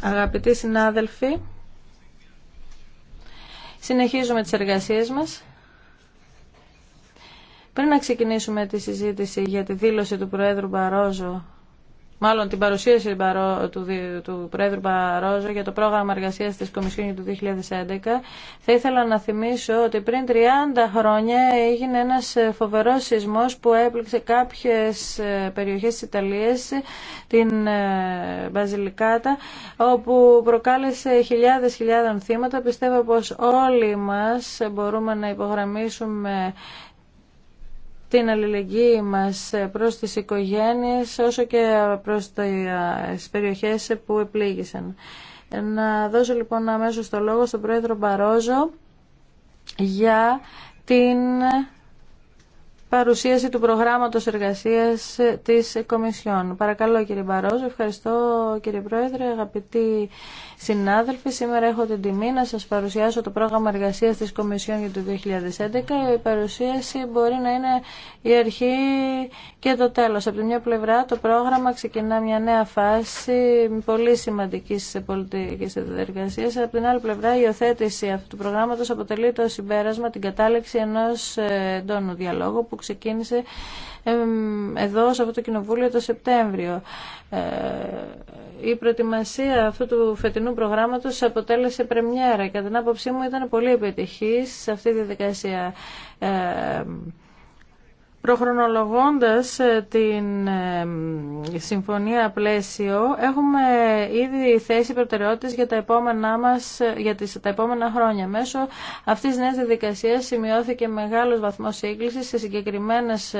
Αγαπητοί συνάδελφοι, συνεχίζουμε τις εργασίες μας. Πριν να ξεκινήσουμε τη συζήτηση για τη δήλωση του Προέδρου Μπαρόζο μάλλον την παρουσίαση του, του Πρόεδρου Παρόζο για το πρόγραμμα εργασία τη Κομισιόν του 2011, θα ήθελα να θυμίσω ότι πριν 30 χρόνια έγινε ένα ε, φοβερό σεισμό που έπληξε κάποιε περιοχέ τη Ιταλία, την ε, Μπαζιλικάτα, όπου προκάλεσε χιλιάδε χιλιάδων θύματα. Πιστεύω πω όλοι μα μπορούμε να υπογραμμίσουμε την αλληλεγγύη μας προς τις οικογένειες όσο και προς τις περιοχές που επλήγησαν. Να δώσω λοιπόν αμέσως το λόγο στον Πρόεδρο Μπαρόζο για την παρουσίαση του προγράμματος εργασίας ε, της Κομισιόν. Παρακαλώ κύριε Μπαρόζο, ευχαριστώ κύριε Πρόεδρε, αγαπητοί συνάδελφοι. Σήμερα έχω την τιμή να σας παρουσιάσω το πρόγραμμα εργασίας της Κομισιόν για το 2011. Η παρουσίαση μπορεί να είναι η αρχή και το τέλος. Από τη μια πλευρά το πρόγραμμα ξεκινά μια νέα φάση πολύ σημαντικής πολιτικη εργασια Από την άλλη πλευρά η υιοθέτηση αυτού του προγράμματος αποτελεί το συμπέρασμα, την κατάληξη ενός ε, εντόνου διαλόγου ξεκίνησε εδώ σε αυτό το κοινοβούλιο το Σεπτέμβριο. Ε, η προετοιμασία αυτού του φετινού προγράμματος αποτέλεσε πρεμιέρα. Κατά την άποψή μου ήταν πολύ επιτυχής σε αυτή τη διαδικασία ε, Προχρονολογώντας ε, την ε, συμφωνία πλαίσιο, έχουμε ήδη θέσει προτεραιότητες για τα επόμενά, μας, ε, για τις, τα επόμενα χρόνια. Μέσω αυτής της νέας διαδικασίας σημειώθηκε μεγάλος βαθμός σύγκλησης σε συγκεκριμένες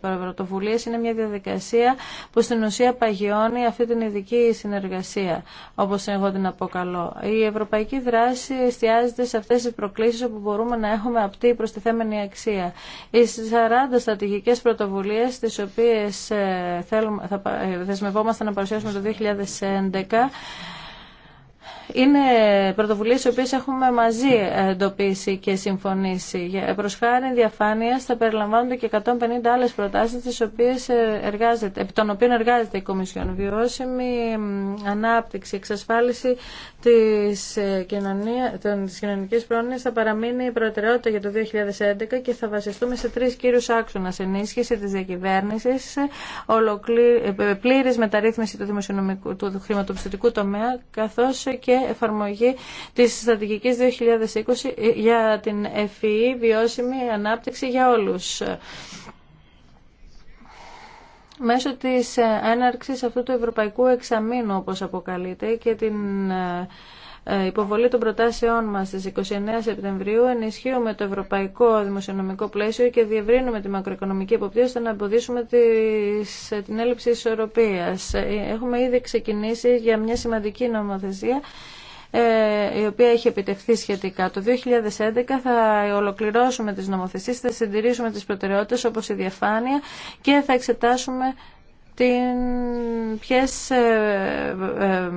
πρωτοβουλίε. Είναι μια διαδικασία που στην ουσία παγιώνει αυτή την ειδική συνεργασία, όπως εγώ την αποκαλώ. Η ευρωπαϊκή δράση εστιάζεται σε αυτές τις προκλήσεις όπου μπορούμε να έχουμε απτή προστιθέμενη αξία. Οι 40 στρατηγικές πρωτοβουλίες τις οποίες ε, θέλουμε, θα ε, δεσμευόμαστε να παρουσιάσουμε το 2011 είναι πρωτοβουλίε οι οποίε έχουμε μαζί εντοπίσει και συμφωνήσει. Προ χάρη διαφάνεια θα περιλαμβάνονται και 150 άλλε προτάσει τι οποίε ε, εργάζεται, επί των οποίων εργάζεται η Κομισιόν. Βιώσιμη ανάπτυξη, εξασφάλιση τη ε, κοινωνική πρόνοια θα παραμείνει η προτεραιότητα για το 2011 και θα βασιστούμε σε τρει κύριου άξονα. Ενίσχυση τη διακυβέρνηση, ε, πλήρη μεταρρύθμιση του, του χρηματοπιστωτικού τομέα, καθώ και εφαρμογή της στρατηγικής 2020 για την ευφυή e e, βιώσιμη ανάπτυξη για όλους μέσω της έναρξης αυτού του Ευρωπαϊκού Εξαμήνου, όπως αποκαλείται, και την ε, ε, υποβολή των προτάσεών μας στις 29 Σεπτεμβρίου ενισχύουμε το ευρωπαϊκό δημοσιονομικό πλαίσιο και διευρύνουμε τη μακροοικονομική εποπτεία ώστε να εμποδίσουμε τις, ε, την έλλειψη ισορροπίας. Ε, έχουμε ήδη ξεκινήσει για μια σημαντική νομοθεσία η οποία έχει επιτευχθεί σχετικά. Το 2011 θα ολοκληρώσουμε τις νομοθεσίες, θα συντηρήσουμε τις προτεραιότητες όπως η διαφάνεια και θα εξετάσουμε την, ποιες ε, ε, ε,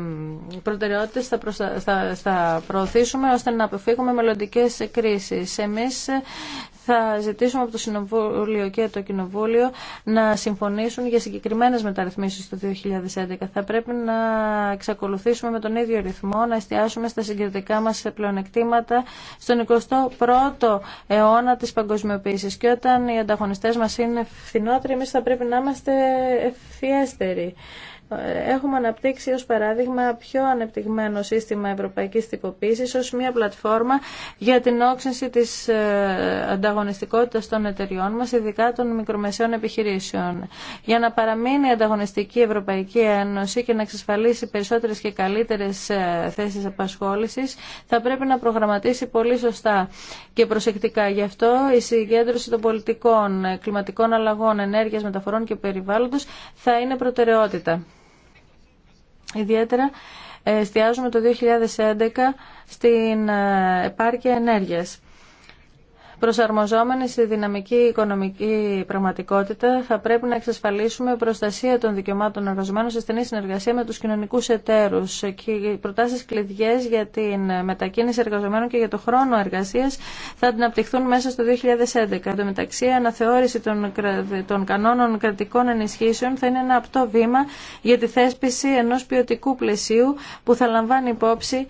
προτεραιότητες θα, προστα... θα, προωθήσουμε ώστε να αποφύγουμε μελλοντικές κρίσεις. Εμείς θα ζητήσουμε από το Συνοβούλιο και το Κοινοβούλιο να συμφωνήσουν για συγκεκριμένες μεταρρυθμίσεις το 2011. Θα πρέπει να εξακολουθήσουμε με τον ίδιο ρυθμό, να εστιάσουμε στα συγκριτικά μας πλεονεκτήματα στον 21ο αιώνα της παγκοσμιοποίησης. Και όταν οι ανταγωνιστές μας είναι φθηνότεροι, εμείς θα πρέπει να είμαστε ευφιέστεροι. Έχουμε αναπτύξει ως παράδειγμα πιο ανεπτυγμένο σύστημα ευρωπαϊκής τυποποίησης ως μια πλατφόρμα για την όξυνση της ε, ανταγωνιστικότητας των εταιριών μας, ειδικά των μικρομεσαίων επιχειρήσεων. Για να παραμείνει η ανταγωνιστική Ευρωπαϊκή Ένωση και να εξασφαλίσει περισσότερες και καλύτερες ε, θέσεις απασχόλησης, θα πρέπει να προγραμματίσει πολύ σωστά και προσεκτικά. Γι' αυτό η συγκέντρωση των πολιτικών, ε, κλιματικών αλλαγών, ενέργειας, μεταφορών και περιβάλλοντος θα είναι προτεραιότητα. Ιδιαίτερα ε, εστιάζουμε το 2011 στην ε, επάρκεια ενέργειας προσαρμοζόμενοι στη δυναμική οικονομική πραγματικότητα, θα πρέπει να εξασφαλίσουμε προστασία των δικαιωμάτων εργαζομένων σε στενή συνεργασία με του κοινωνικού εταίρου. Και οι προτάσει κλειδιέ για την μετακίνηση εργαζομένων και για το χρόνο εργασία θα αναπτυχθούν μέσα στο 2011. Εν τω μεταξύ, η αναθεώρηση των, των κανόνων κρατικών ενισχύσεων θα είναι ένα απτό βήμα για τη θέσπιση ενό ποιοτικού πλαισίου που θα λαμβάνει υπόψη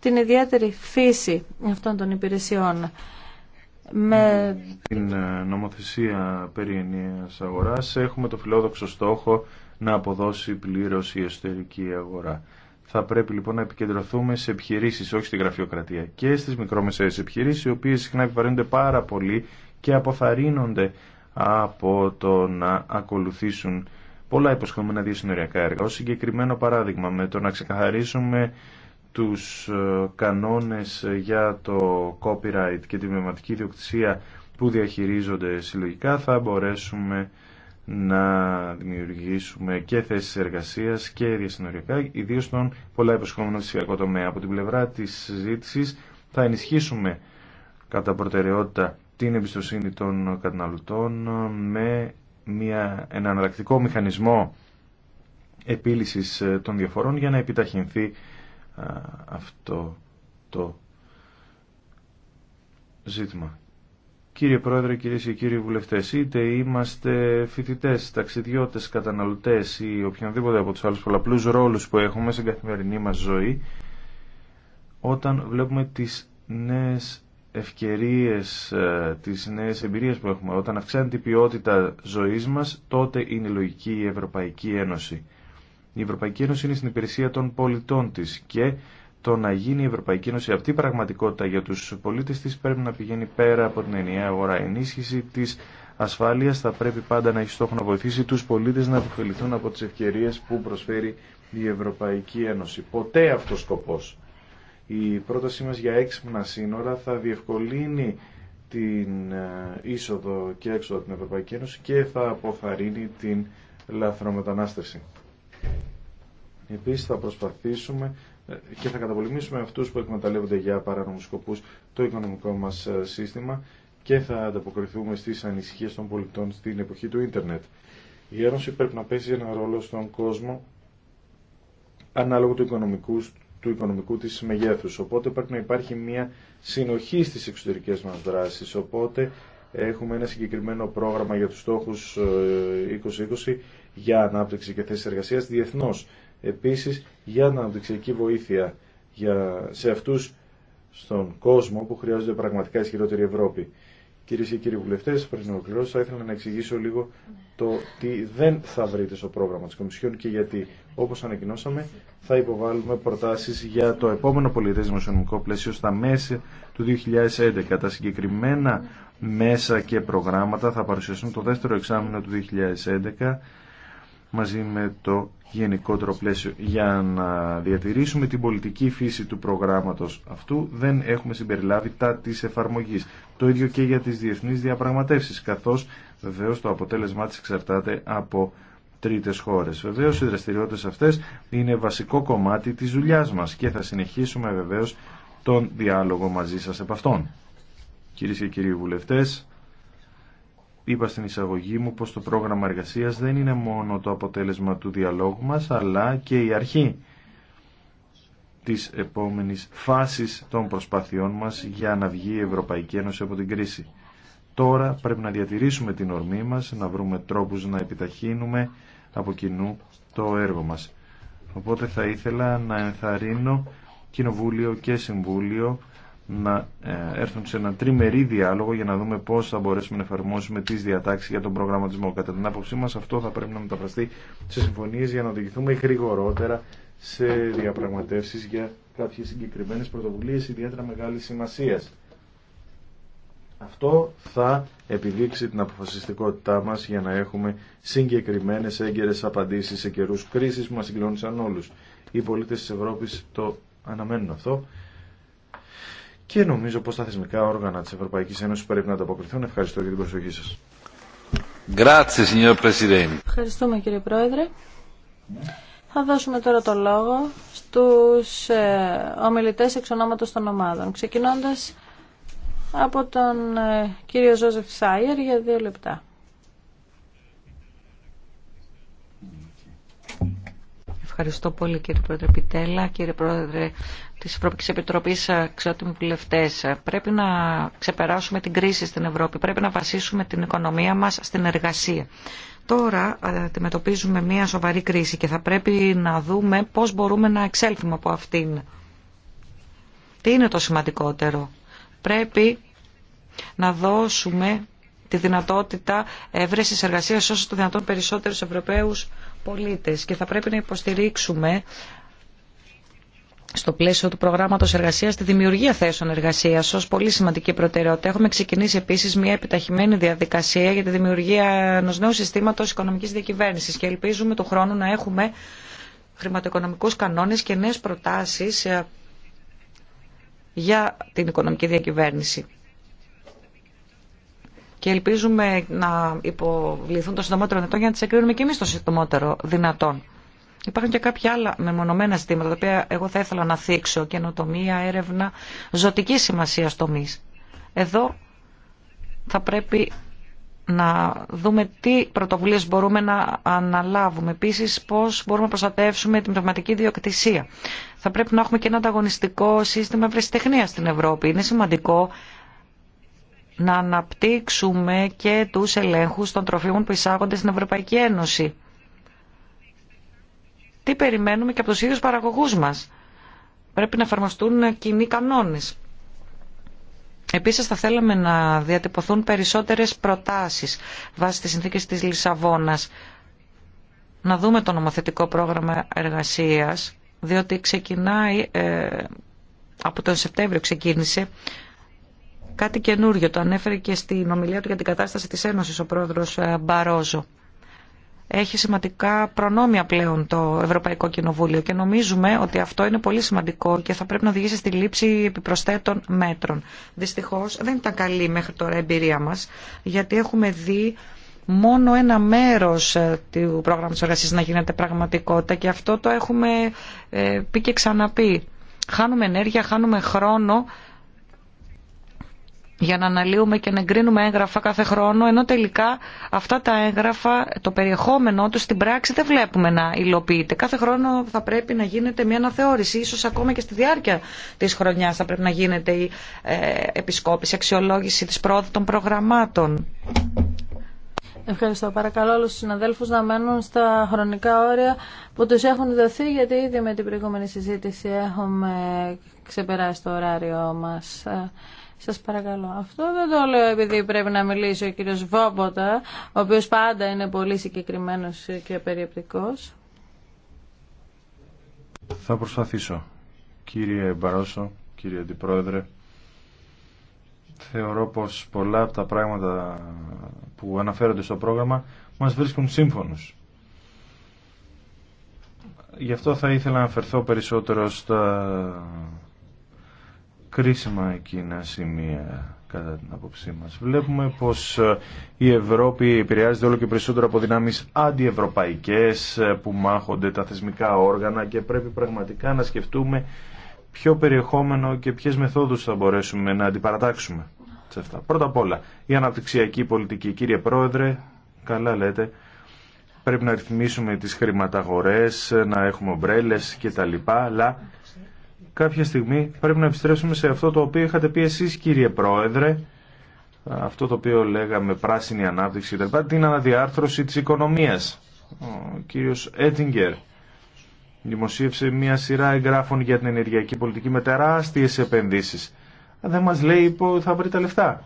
την ιδιαίτερη φύση αυτών των υπηρεσιών με... Στην ε, νομοθεσία περί ενιαίας αγοράς έχουμε το φιλόδοξο στόχο να αποδώσει πλήρως η εσωτερική αγορά. Θα πρέπει λοιπόν να επικεντρωθούμε σε επιχειρήσεις, όχι στη γραφειοκρατία και στις μικρόμεσαίες επιχειρήσεις, οι οποίες συχνά επιβαρύνονται πάρα πολύ και αποθαρρύνονται από το να ακολουθήσουν πολλά υποσχόμενα διασυνοριακά έργα. Ως συγκεκριμένο παράδειγμα, με το να ξεκαθαρίσουμε τους ε, κανόνες για το copyright και τη πνευματική διοκτησία που διαχειρίζονται συλλογικά θα μπορέσουμε να δημιουργήσουμε και θέσεις εργασίας και διασυνοριακά, ιδίως στον πολλά υποσχόμενο ψηφιακό τομέα. Από την πλευρά της συζήτηση θα ενισχύσουμε κατά προτεραιότητα την εμπιστοσύνη των καταναλωτών με μια, ένα αναλλακτικό μηχανισμό επίλυσης ε, των διαφορών για να επιταχυνθεί αυτό το ζήτημα. Κύριε Πρόεδρε, κυρίες και κύριοι βουλευτές, είτε είμαστε φοιτητές, ταξιδιώτες, καταναλωτές ή οποιονδήποτε από τους άλλους πολλαπλούς ρόλους που έχουμε στην καθημερινή μας ζωή, όταν βλέπουμε τις νέες ευκαιρίες, ε, τις νέες εμπειρίες που έχουμε, όταν αυξάνεται η ποιότητα ζωής μας, τότε είναι η λογική η Ευρωπαϊκή Ένωση. Η Ευρωπαϊκή Ένωση είναι στην υπηρεσία των πολιτών τη και το να γίνει η Ευρωπαϊκή Ένωση αυτή η πραγματικότητα για του πολίτε τη πρέπει να πηγαίνει πέρα από την ενιαία αγορά. Η ενίσχυση τη ασφάλεια θα πρέπει πάντα να έχει στόχο να βοηθήσει του πολίτε να αποφεληθούν από τι ευκαιρίε που προσφέρει η Ευρωπαϊκή Ένωση. Ποτέ αυτός σκοπό. Η πρότασή μας για έξυπνα σύνορα θα διευκολύνει την ε, είσοδο και έξοδο από την Ευρωπαϊκή Ένωση και θα αποθαρρύνει την λαθρομετανάστευση. Επίση θα προσπαθήσουμε ε, και θα καταπολεμήσουμε αυτού που εκμεταλλεύονται για παράνομου σκοπού το οικονομικό μα ε, σύστημα και θα ανταποκριθούμε στι ανησυχίε των πολιτών στην εποχή του ίντερνετ. Η Ένωση πρέπει να παίζει ένα ρόλο στον κόσμο ανάλογο του οικονομικού, του οικονομικού της μεγέθους. Οπότε πρέπει να υπάρχει μια συνοχή στις εξωτερικές μας δράσεις. Οπότε έχουμε ένα συγκεκριμένο πρόγραμμα για τους στόχους 2020 ε, για ανάπτυξη και θέσεις εργασίας διεθνώς επίσης για την αναπτυξιακή βοήθεια για, σε αυτούς στον κόσμο που χρειάζονται πραγματικά ισχυρότερη Ευρώπη. Κυρίε και κύριοι βουλευτέ, πριν να ολοκληρώσω, θα ήθελα να εξηγήσω λίγο το τι δεν θα βρείτε στο πρόγραμμα τη Κομισιόν και γιατί, όπω ανακοινώσαμε, θα υποβάλουμε προτάσει για το επόμενο πολιτέ δημοσιονομικό πλαίσιο στα μέσα του 2011. Τα συγκεκριμένα μέσα και προγράμματα θα παρουσιαστούν το δεύτερο εξάμεινο του 2011 μαζί με το γενικότερο πλαίσιο για να διατηρήσουμε την πολιτική φύση του προγράμματος αυτού δεν έχουμε συμπεριλάβει τα της εφαρμογής. Το ίδιο και για τις διεθνείς διαπραγματεύσεις καθώς βεβαίω το αποτέλεσμά της εξαρτάται από τρίτες χώρες. Βεβαίως οι δραστηριότητες αυτές είναι βασικό κομμάτι της δουλειά μας και θα συνεχίσουμε βεβαίως τον διάλογο μαζί σας επ' αυτών. Κυρίε και κύριοι βουλευτές, Είπα στην εισαγωγή μου πως το πρόγραμμα εργασίας δεν είναι μόνο το αποτέλεσμα του διαλόγου μας, αλλά και η αρχή της επόμενης φάσης των προσπαθειών μας για να βγει η Ευρωπαϊκή Ένωση από την κρίση. Τώρα πρέπει να διατηρήσουμε την ορμή μας, να βρούμε τρόπους να επιταχύνουμε από κοινού το έργο μας. Οπότε θα ήθελα να ενθαρρύνω Κοινοβούλιο και Συμβούλιο να ε, έρθουν σε ένα τριμερή διάλογο για να δούμε πώ θα μπορέσουμε να εφαρμόσουμε τι διατάξει για τον προγραμματισμό. Κατά την άποψή μα αυτό θα πρέπει να μεταφραστεί σε συμφωνίε για να οδηγηθούμε γρηγορότερα σε διαπραγματεύσει για κάποιε συγκεκριμένε πρωτοβουλίε ιδιαίτερα μεγάλη σημασία. Αυτό θα επιδείξει την αποφασιστικότητά μα για να έχουμε συγκεκριμένε έγκαιρε απαντήσει σε καιρού κρίσης που μας συγκλώνησαν όλου. Οι πολίτε τη Ευρώπη το αναμένουν αυτό και νομίζω πως τα θεσμικά όργανα της Ευρωπαϊκής Ένωσης πρέπει να ανταποκριθούν. Ευχαριστώ για την προσοχή σας. Ευχαριστούμε κύριε Πρόεδρε. Θα δώσουμε τώρα το λόγο στους ε, ομιλητές εξ ονόματος των ομάδων, ξεκινώντας από τον ε, κύριο Ζώζεφ Σάιερ για δύο λεπτά. Ευχαριστώ πολύ κύριε Πρόεδρε Πιτέλα, κύριε Πρόεδρε της Ευρωπαϊκής Επιτροπής Αξιότιμοι βουλευτέ. Πρέπει να ξεπεράσουμε την κρίση στην Ευρώπη, πρέπει να βασίσουμε την οικονομία μας στην εργασία. Τώρα αντιμετωπίζουμε μια σοβαρή κρίση και θα πρέπει να δούμε πώς μπορούμε να εξέλθουμε από αυτήν. Τι είναι το σημαντικότερο. Πρέπει να δώσουμε τη δυνατότητα εύρεσης εργασία όσο το δυνατόν περισσότερους Ευρωπαίους πολίτες και θα πρέπει να υποστηρίξουμε στο πλαίσιο του προγράμματο εργασία τη δημιουργία θέσεων εργασία ω πολύ σημαντική προτεραιότητα. Έχουμε ξεκινήσει επίση μια επιταχυμένη διαδικασία για τη δημιουργία ενό νέου συστήματο οικονομική διακυβέρνηση και ελπίζουμε του χρόνου να έχουμε χρηματοοικονομικού κανόνε και νέε προτάσει για την οικονομική διακυβέρνηση και ελπίζουμε να υποβληθούν το συντομότερο δυνατόν για να τι εκρίνουμε και εμεί το συντομότερο δυνατόν. Υπάρχουν και κάποια άλλα μεμονωμένα ζητήματα, τα οποία εγώ θα ήθελα να θίξω, καινοτομία, έρευνα, ζωτική σημασία τομεί. Εδώ θα πρέπει να δούμε τι πρωτοβουλίες μπορούμε να αναλάβουμε. επίση πώ μπορούμε να προστατεύσουμε την πνευματική διοκτησία. Θα πρέπει να έχουμε και ένα ανταγωνιστικό σύστημα ευρεσιτεχνία στην Ευρώπη. Είναι σημαντικό να αναπτύξουμε και τους ελέγχους των τροφίμων που εισάγονται στην Ευρωπαϊκή Ένωση. Τι περιμένουμε και από τους ίδιους παραγωγούς μας. Πρέπει να εφαρμοστούν κοινοί κανόνες. Επίσης θα θέλαμε να διατυπωθούν περισσότερες προτάσεις βάσει της συνθήκης της Λισαβόνας. Να δούμε το νομοθετικό πρόγραμμα εργασίας, διότι ξεκινάει, ε, από τον Σεπτέμβριο ξεκίνησε, κάτι καινούριο. Το ανέφερε και στην ομιλία του για την κατάσταση της Ένωσης ο πρόεδρος ε, Μπαρόζο. Έχει σημαντικά προνόμια πλέον το Ευρωπαϊκό Κοινοβούλιο και νομίζουμε ότι αυτό είναι πολύ σημαντικό και θα πρέπει να οδηγήσει στη λήψη επιπροσθέτων μέτρων. Δυστυχώς δεν ήταν καλή μέχρι τώρα η εμπειρία μας γιατί έχουμε δει μόνο ένα μέρος ε, του πρόγραμματος εργασίας να γίνεται πραγματικότητα και αυτό το έχουμε ε, πει και ξαναπεί. Χάνουμε ενέργεια, χάνουμε χρόνο για να αναλύουμε και να εγκρίνουμε έγγραφα κάθε χρόνο, ενώ τελικά αυτά τα έγγραφα, το περιεχόμενό τους στην πράξη δεν βλέπουμε να υλοποιείται. Κάθε χρόνο θα πρέπει να γίνεται μια αναθεώρηση, ίσως ακόμα και στη διάρκεια της χρονιάς θα πρέπει να γίνεται η ε, επισκόπηση, αξιολόγηση της πρόοδου των προγραμμάτων. Ευχαριστώ. Παρακαλώ όλους τους συναδέλφους να μένουν στα χρονικά όρια που τους έχουν δοθεί, γιατί ήδη με την προηγούμενη συζήτηση έχουμε ξεπεράσει το ωράριό μας. Σας παρακαλώ. Αυτό δεν το λέω επειδή πρέπει να μιλήσει ο κύριος Βόμποτα, ο οποίος πάντα είναι πολύ συγκεκριμένο και περιεπτικός. Θα προσπαθήσω. Κύριε Μπαρόσο, κύριε Αντιπρόεδρε, θεωρώ πως πολλά από τα πράγματα που αναφέρονται στο πρόγραμμα μας βρίσκουν σύμφωνους. Γι' αυτό θα ήθελα να αφαιρθώ περισσότερο στα κρίσιμα εκείνα σημεία κατά την απόψή μας. Βλέπουμε πως ε, η Ευρώπη επηρεάζεται όλο και περισσότερο από δυνάμεις αντιευρωπαϊκές ε, που μάχονται τα θεσμικά όργανα και πρέπει πραγματικά να σκεφτούμε ποιο περιεχόμενο και ποιες μεθόδους θα μπορέσουμε να αντιπαρατάξουμε σε αυτά. Πρώτα απ' όλα, η αναπτυξιακή πολιτική. Κύριε Πρόεδρε, καλά λέτε, πρέπει να ρυθμίσουμε τις χρηματαγορές, να έχουμε ομπρέλες κτλ. Αλλά κάποια στιγμή πρέπει να επιστρέψουμε σε αυτό το οποίο είχατε πει εσείς κύριε Πρόεδρε, αυτό το οποίο λέγαμε πράσινη ανάπτυξη κλπ. την αναδιάρθρωση της οικονομίας. Ο κύριος Έτιγκερ δημοσίευσε μια σειρά εγγράφων για την ενεργειακή πολιτική με τεράστιες επενδύσεις. Δεν μας λέει που θα βρει τα λεφτά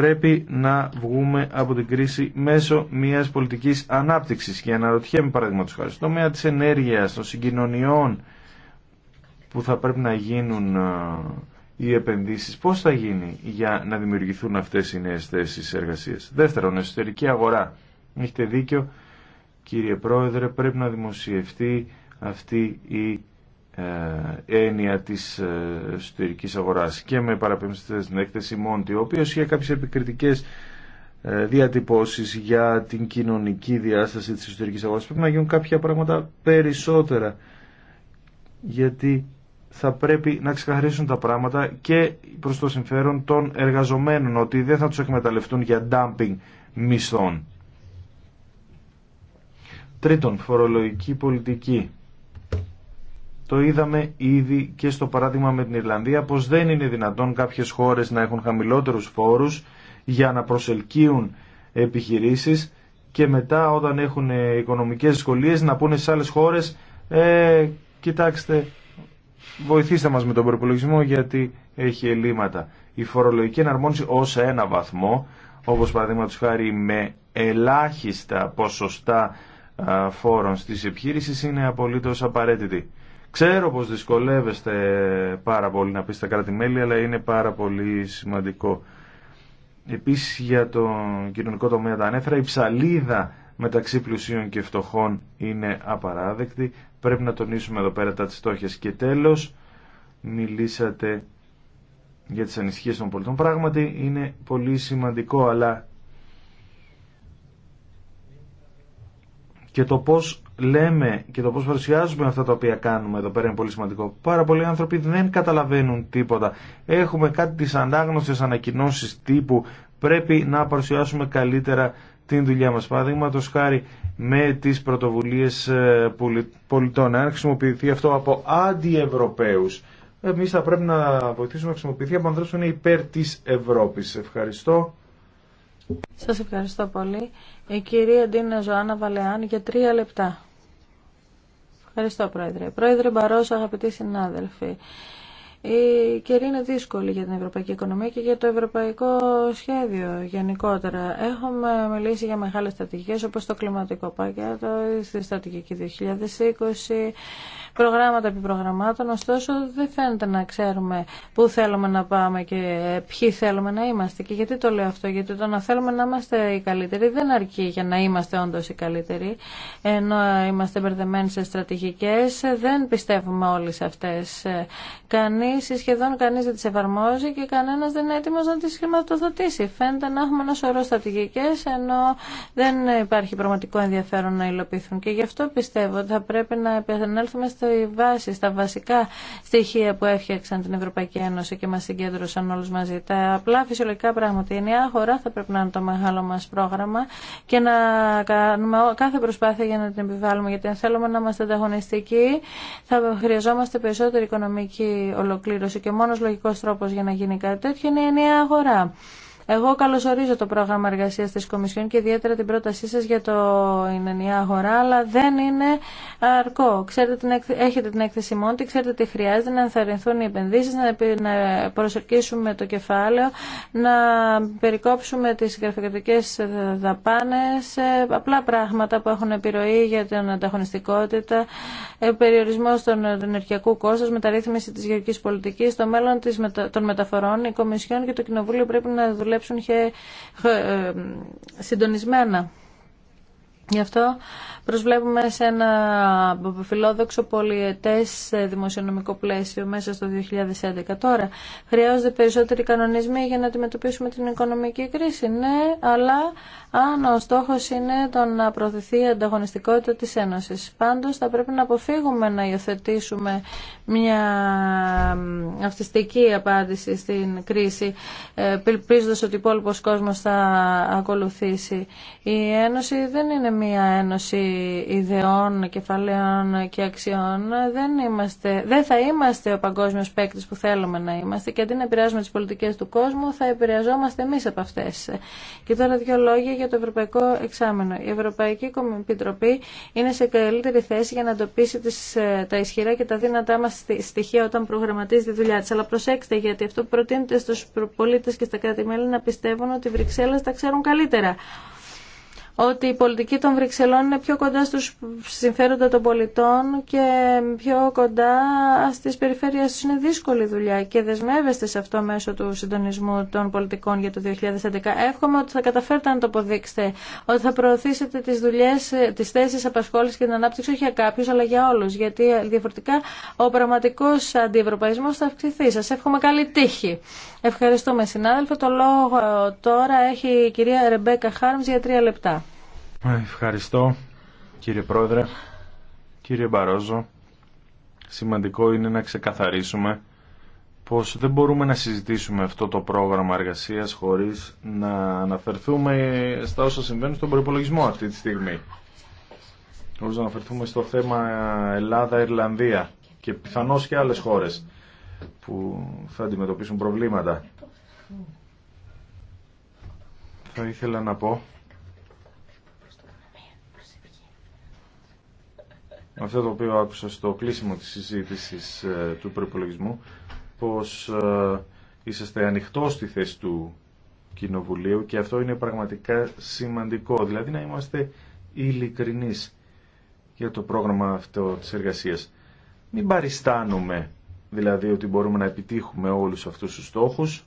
πρέπει να βγούμε από την κρίση μέσω μιας πολιτικής ανάπτυξης. Και αναρωτιέμαι παραδείγματος χάρη στο τομέα τη ενέργεια, των συγκοινωνιών που θα πρέπει να γίνουν οι επενδύσεις, πώς θα γίνει για να δημιουργηθούν αυτές οι νέες θέσεις εργασίας. Δεύτερον, εσωτερική αγορά. Έχετε δίκιο, κύριε Πρόεδρε, πρέπει να δημοσιευτεί αυτή η ε, έννοια της ε, εσωτερικής αγοράς και με παραπέμψετε στην έκθεση Μόντι, ο οποίος είχε κάποιες επικριτικές ε, διατυπώσεις για την κοινωνική διάσταση της εσωτερικής αγοράς. Πρέπει να γίνουν κάποια πράγματα περισσότερα, γιατί θα πρέπει να ξεκαθαρίσουν τα πράγματα και προς το συμφέρον των εργαζομένων, ότι δεν θα τους εκμεταλλευτούν για ντάμπινγκ μισθών. Τρίτον, φορολογική πολιτική. Το είδαμε ήδη και στο παράδειγμα με την Ιρλανδία πως δεν είναι δυνατόν κάποιες χώρες να έχουν χαμηλότερους φόρους για να προσελκύουν επιχειρήσεις και μετά όταν έχουν οικονομικές δυσκολίες να πούνε σε άλλες χώρες «Ε, κοιτάξτε βοηθήστε μας με τον προπολογισμό γιατί έχει ελλείμματα. Η φορολογική εναρμόνιση ως ένα βαθμό όπως παραδείγματο χάρη με ελάχιστα ποσοστά φόρων στις επιχείρησεις είναι απολύτως απαραίτητη. Ξέρω πως δυσκολεύεστε πάρα πολύ να πείστε τα κράτη-μέλη, αλλά είναι πάρα πολύ σημαντικό. Επίσης για τον κοινωνικό τομέα τα ανέφερα, η ψαλίδα μεταξύ πλουσίων και φτωχών είναι απαράδεκτη. Πρέπει να τονίσουμε εδώ πέρα τα της στόχες. Και τέλος, μιλήσατε για τις ανησυχίες των πολιτών. Πράγματι είναι πολύ σημαντικό, αλλά και το πώ λέμε και το πώς παρουσιάζουμε αυτά τα οποία κάνουμε εδώ πέρα είναι πολύ σημαντικό. Πάρα πολλοί άνθρωποι δεν καταλαβαίνουν τίποτα. Έχουμε κάτι τι ανάγνωσε ανακοινώσει τύπου πρέπει να παρουσιάσουμε καλύτερα την δουλειά μας. Παραδείγματο χάρη με τις πρωτοβουλίες ε, πολιτών. Αν χρησιμοποιηθεί αυτό από αντιευρωπαίους, Εμεί θα πρέπει να βοηθήσουμε να χρησιμοποιηθεί από ανθρώπου που είναι υπέρ τη Ευρώπη. Ευχαριστώ. Σας ευχαριστώ πολύ. Η κυρία Ντίνα Ζωάνα Βαλεάν για τρία λεπτά. Ευχαριστώ, Πρόεδρε. Πρόεδρε Μπαρός, αγαπητοί συνάδελφοι. Η καιρή είναι δύσκολη για την ευρωπαϊκή οικονομία και για το ευρωπαϊκό σχέδιο γενικότερα. Έχουμε μιλήσει για μεγάλες στρατηγικές όπως το κλιματικό πακέτο, στη στρατηγική 2020, προγράμματα επί προγραμμάτων, ωστόσο δεν φαίνεται να ξέρουμε πού θέλουμε να πάμε και ποιοι θέλουμε να είμαστε. Και γιατί το λέω αυτό, γιατί το να θέλουμε να είμαστε οι καλύτεροι δεν αρκεί για να είμαστε όντως οι καλύτεροι, ενώ είμαστε μπερδεμένοι σε στρατηγικές, δεν πιστεύουμε όλες αυτές. Κανείς ή σχεδόν κανείς δεν τις εφαρμόζει και κανένας δεν είναι έτοιμος να τις χρηματοδοτήσει. Φαίνεται να έχουμε ένα σωρό στρατηγικές, ενώ δεν υπάρχει πραγματικό ενδιαφέρον να υλοποιηθούν. Και γι' αυτό πιστεύω ότι θα πρέπει να επανέλθουμε οι βάσει, τα βασικά στοιχεία που έφτιαξαν την Ευρωπαϊκή Ένωση και μα συγκέντρωσαν όλου μαζί. Τα απλά φυσιολογικά πράγματα. Η νέα χώρα θα πρέπει να είναι το μεγάλο μα πρόγραμμα και να κάνουμε κάθε προσπάθεια για να την επιβάλλουμε. Γιατί αν θέλουμε να είμαστε ανταγωνιστικοί, θα χρειαζόμαστε περισσότερη οικονομική ολοκλήρωση και ο μόνο λογικό τρόπο για να γίνει κάτι τέτοιο είναι η νέα αγορά. Εγώ καλωσορίζω το πρόγραμμα εργασία τη Κομισιόν και ιδιαίτερα την πρότασή σα για το Ινενιά αγορά, αλλά δεν είναι αρκό. Ξέρετε, έχετε την έκθεση Μόντι, ξέρετε τι χρειάζεται, να ενθαρρυνθούν οι επενδύσει, να προσερκίσουμε το κεφάλαιο, να περικόψουμε τι γραφειοκρατικέ δαπάνε, ε, απλά πράγματα που έχουν επιρροή για την ανταγωνιστικότητα, ε, περιορισμό των ενεργειακού κόστο, μεταρρύθμιση τη γεωργική πολιτική, το μέλλον των μεταφορών, η Κομισιόν και το Κοινοβούλιο πρέπει να δουλεύουν και ε, ε, συντονισμένα Γι' αυτό προσβλέπουμε σε ένα φιλόδοξο πολιετές δημοσιονομικό πλαίσιο μέσα στο 2011. Τώρα, χρειάζονται περισσότεροι κανονισμοί για να αντιμετωπίσουμε την οικονομική κρίση, ναι, αλλά αν ο στόχος είναι το να προωθηθεί η ανταγωνιστικότητα της Ένωσης. Πάντως, θα πρέπει να αποφύγουμε να υιοθετήσουμε μια αυτιστική απάντηση στην κρίση, ελπίζοντα ότι ο υπόλοιπο κόσμος θα ακολουθήσει. Η Ένωση δεν είναι μια ένωση ιδεών, κεφαλαίων και αξιών, δεν, είμαστε, δεν θα είμαστε ο παγκόσμιο παίκτη που θέλουμε να είμαστε και αντί να επηρεάζουμε τι πολιτικέ του κόσμου, θα επηρεαζόμαστε εμεί από αυτέ. Και τώρα δύο λόγια για το Ευρωπαϊκό Εξάμενο. Η Ευρωπαϊκή Επιτροπή είναι σε καλύτερη θέση για να εντοπίσει ε, τα ισχυρά και τα δύνατά μα στοιχεία όταν προγραμματίζει τη δουλειά τη. Αλλά προσέξτε, γιατί αυτό που προτείνεται στου πολίτε και στα κράτη-μέλη να πιστεύουν ότι οι Βρυξέλλε τα ξέρουν καλύτερα ότι η πολιτική των Βρυξελών είναι πιο κοντά στους συμφέροντα των πολιτών και πιο κοντά στις περιφέρειες τους. Είναι δύσκολη δουλειά και δεσμεύεστε σε αυτό μέσω του συντονισμού των πολιτικών για το 2011. Εύχομαι ότι θα καταφέρετε να το αποδείξετε, ότι θα προωθήσετε τις δουλειές, τις θέσεις απασχόλησης και την ανάπτυξη όχι για κάποιους αλλά για όλους, γιατί διαφορετικά ο πραγματικός αντιευρωπαϊσμός θα αυξηθεί. Σας εύχομαι καλή τύχη. Ευχαριστούμε συνάδελφο. Το λόγο τώρα έχει η κυρία Ρεμπέκα Χάρμς για τρία λεπτά. Ε, ευχαριστώ κύριε Πρόεδρε, κύριε Μπαρόζο. Σημαντικό είναι να ξεκαθαρίσουμε πως δεν μπορούμε να συζητήσουμε αυτό το πρόγραμμα εργασίας χωρίς να αναφερθούμε στα όσα συμβαίνουν στον προπολογισμό αυτή τη στιγμή. Χωρίς να αναφερθούμε στο θέμα Ελλάδα-Ιρλανδία και πιθανώς και άλλες χώρες που θα αντιμετωπίσουν προβλήματα. Θα ήθελα να πω αυτό το οποίο άκουσα στο κλείσιμο της συζήτησης ε, του προπολογισμού, πως ε, είσαστε ανοιχτό στη θέση του Κοινοβουλίου και αυτό είναι πραγματικά σημαντικό. Δηλαδή να είμαστε ειλικρινεί για το πρόγραμμα αυτό της εργασίας. Μην παριστάνουμε δηλαδή ότι μπορούμε να επιτύχουμε όλους αυτούς τους στόχους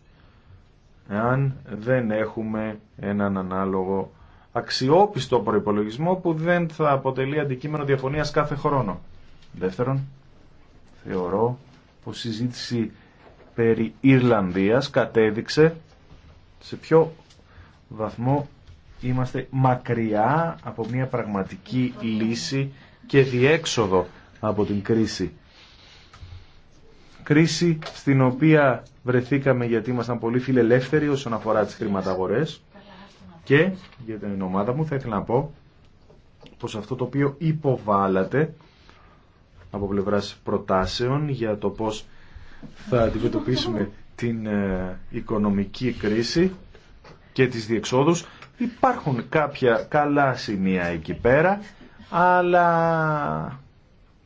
αν δεν έχουμε έναν ανάλογο αξιόπιστο προϋπολογισμό που δεν θα αποτελεί αντικείμενο διαφωνίας κάθε χρόνο. Δεύτερον, θεωρώ πως η συζήτηση περί Ιρλανδίας κατέδειξε σε ποιο βαθμό είμαστε μακριά από μια πραγματική λύση και διέξοδο από την κρίση. Κρίση στην οποία βρεθήκαμε γιατί ήμασταν πολύ φιλελεύθεροι όσον αφορά τις χρηματαγορές και για την ομάδα μου θα ήθελα να πω πως αυτό το οποίο υποβάλλατε από πλευράς προτάσεων για το πώς θα αντιμετωπίσουμε την ε, οικονομική κρίση και τις διεξόδους. Υπάρχουν κάποια καλά σημεία εκεί πέρα, αλλά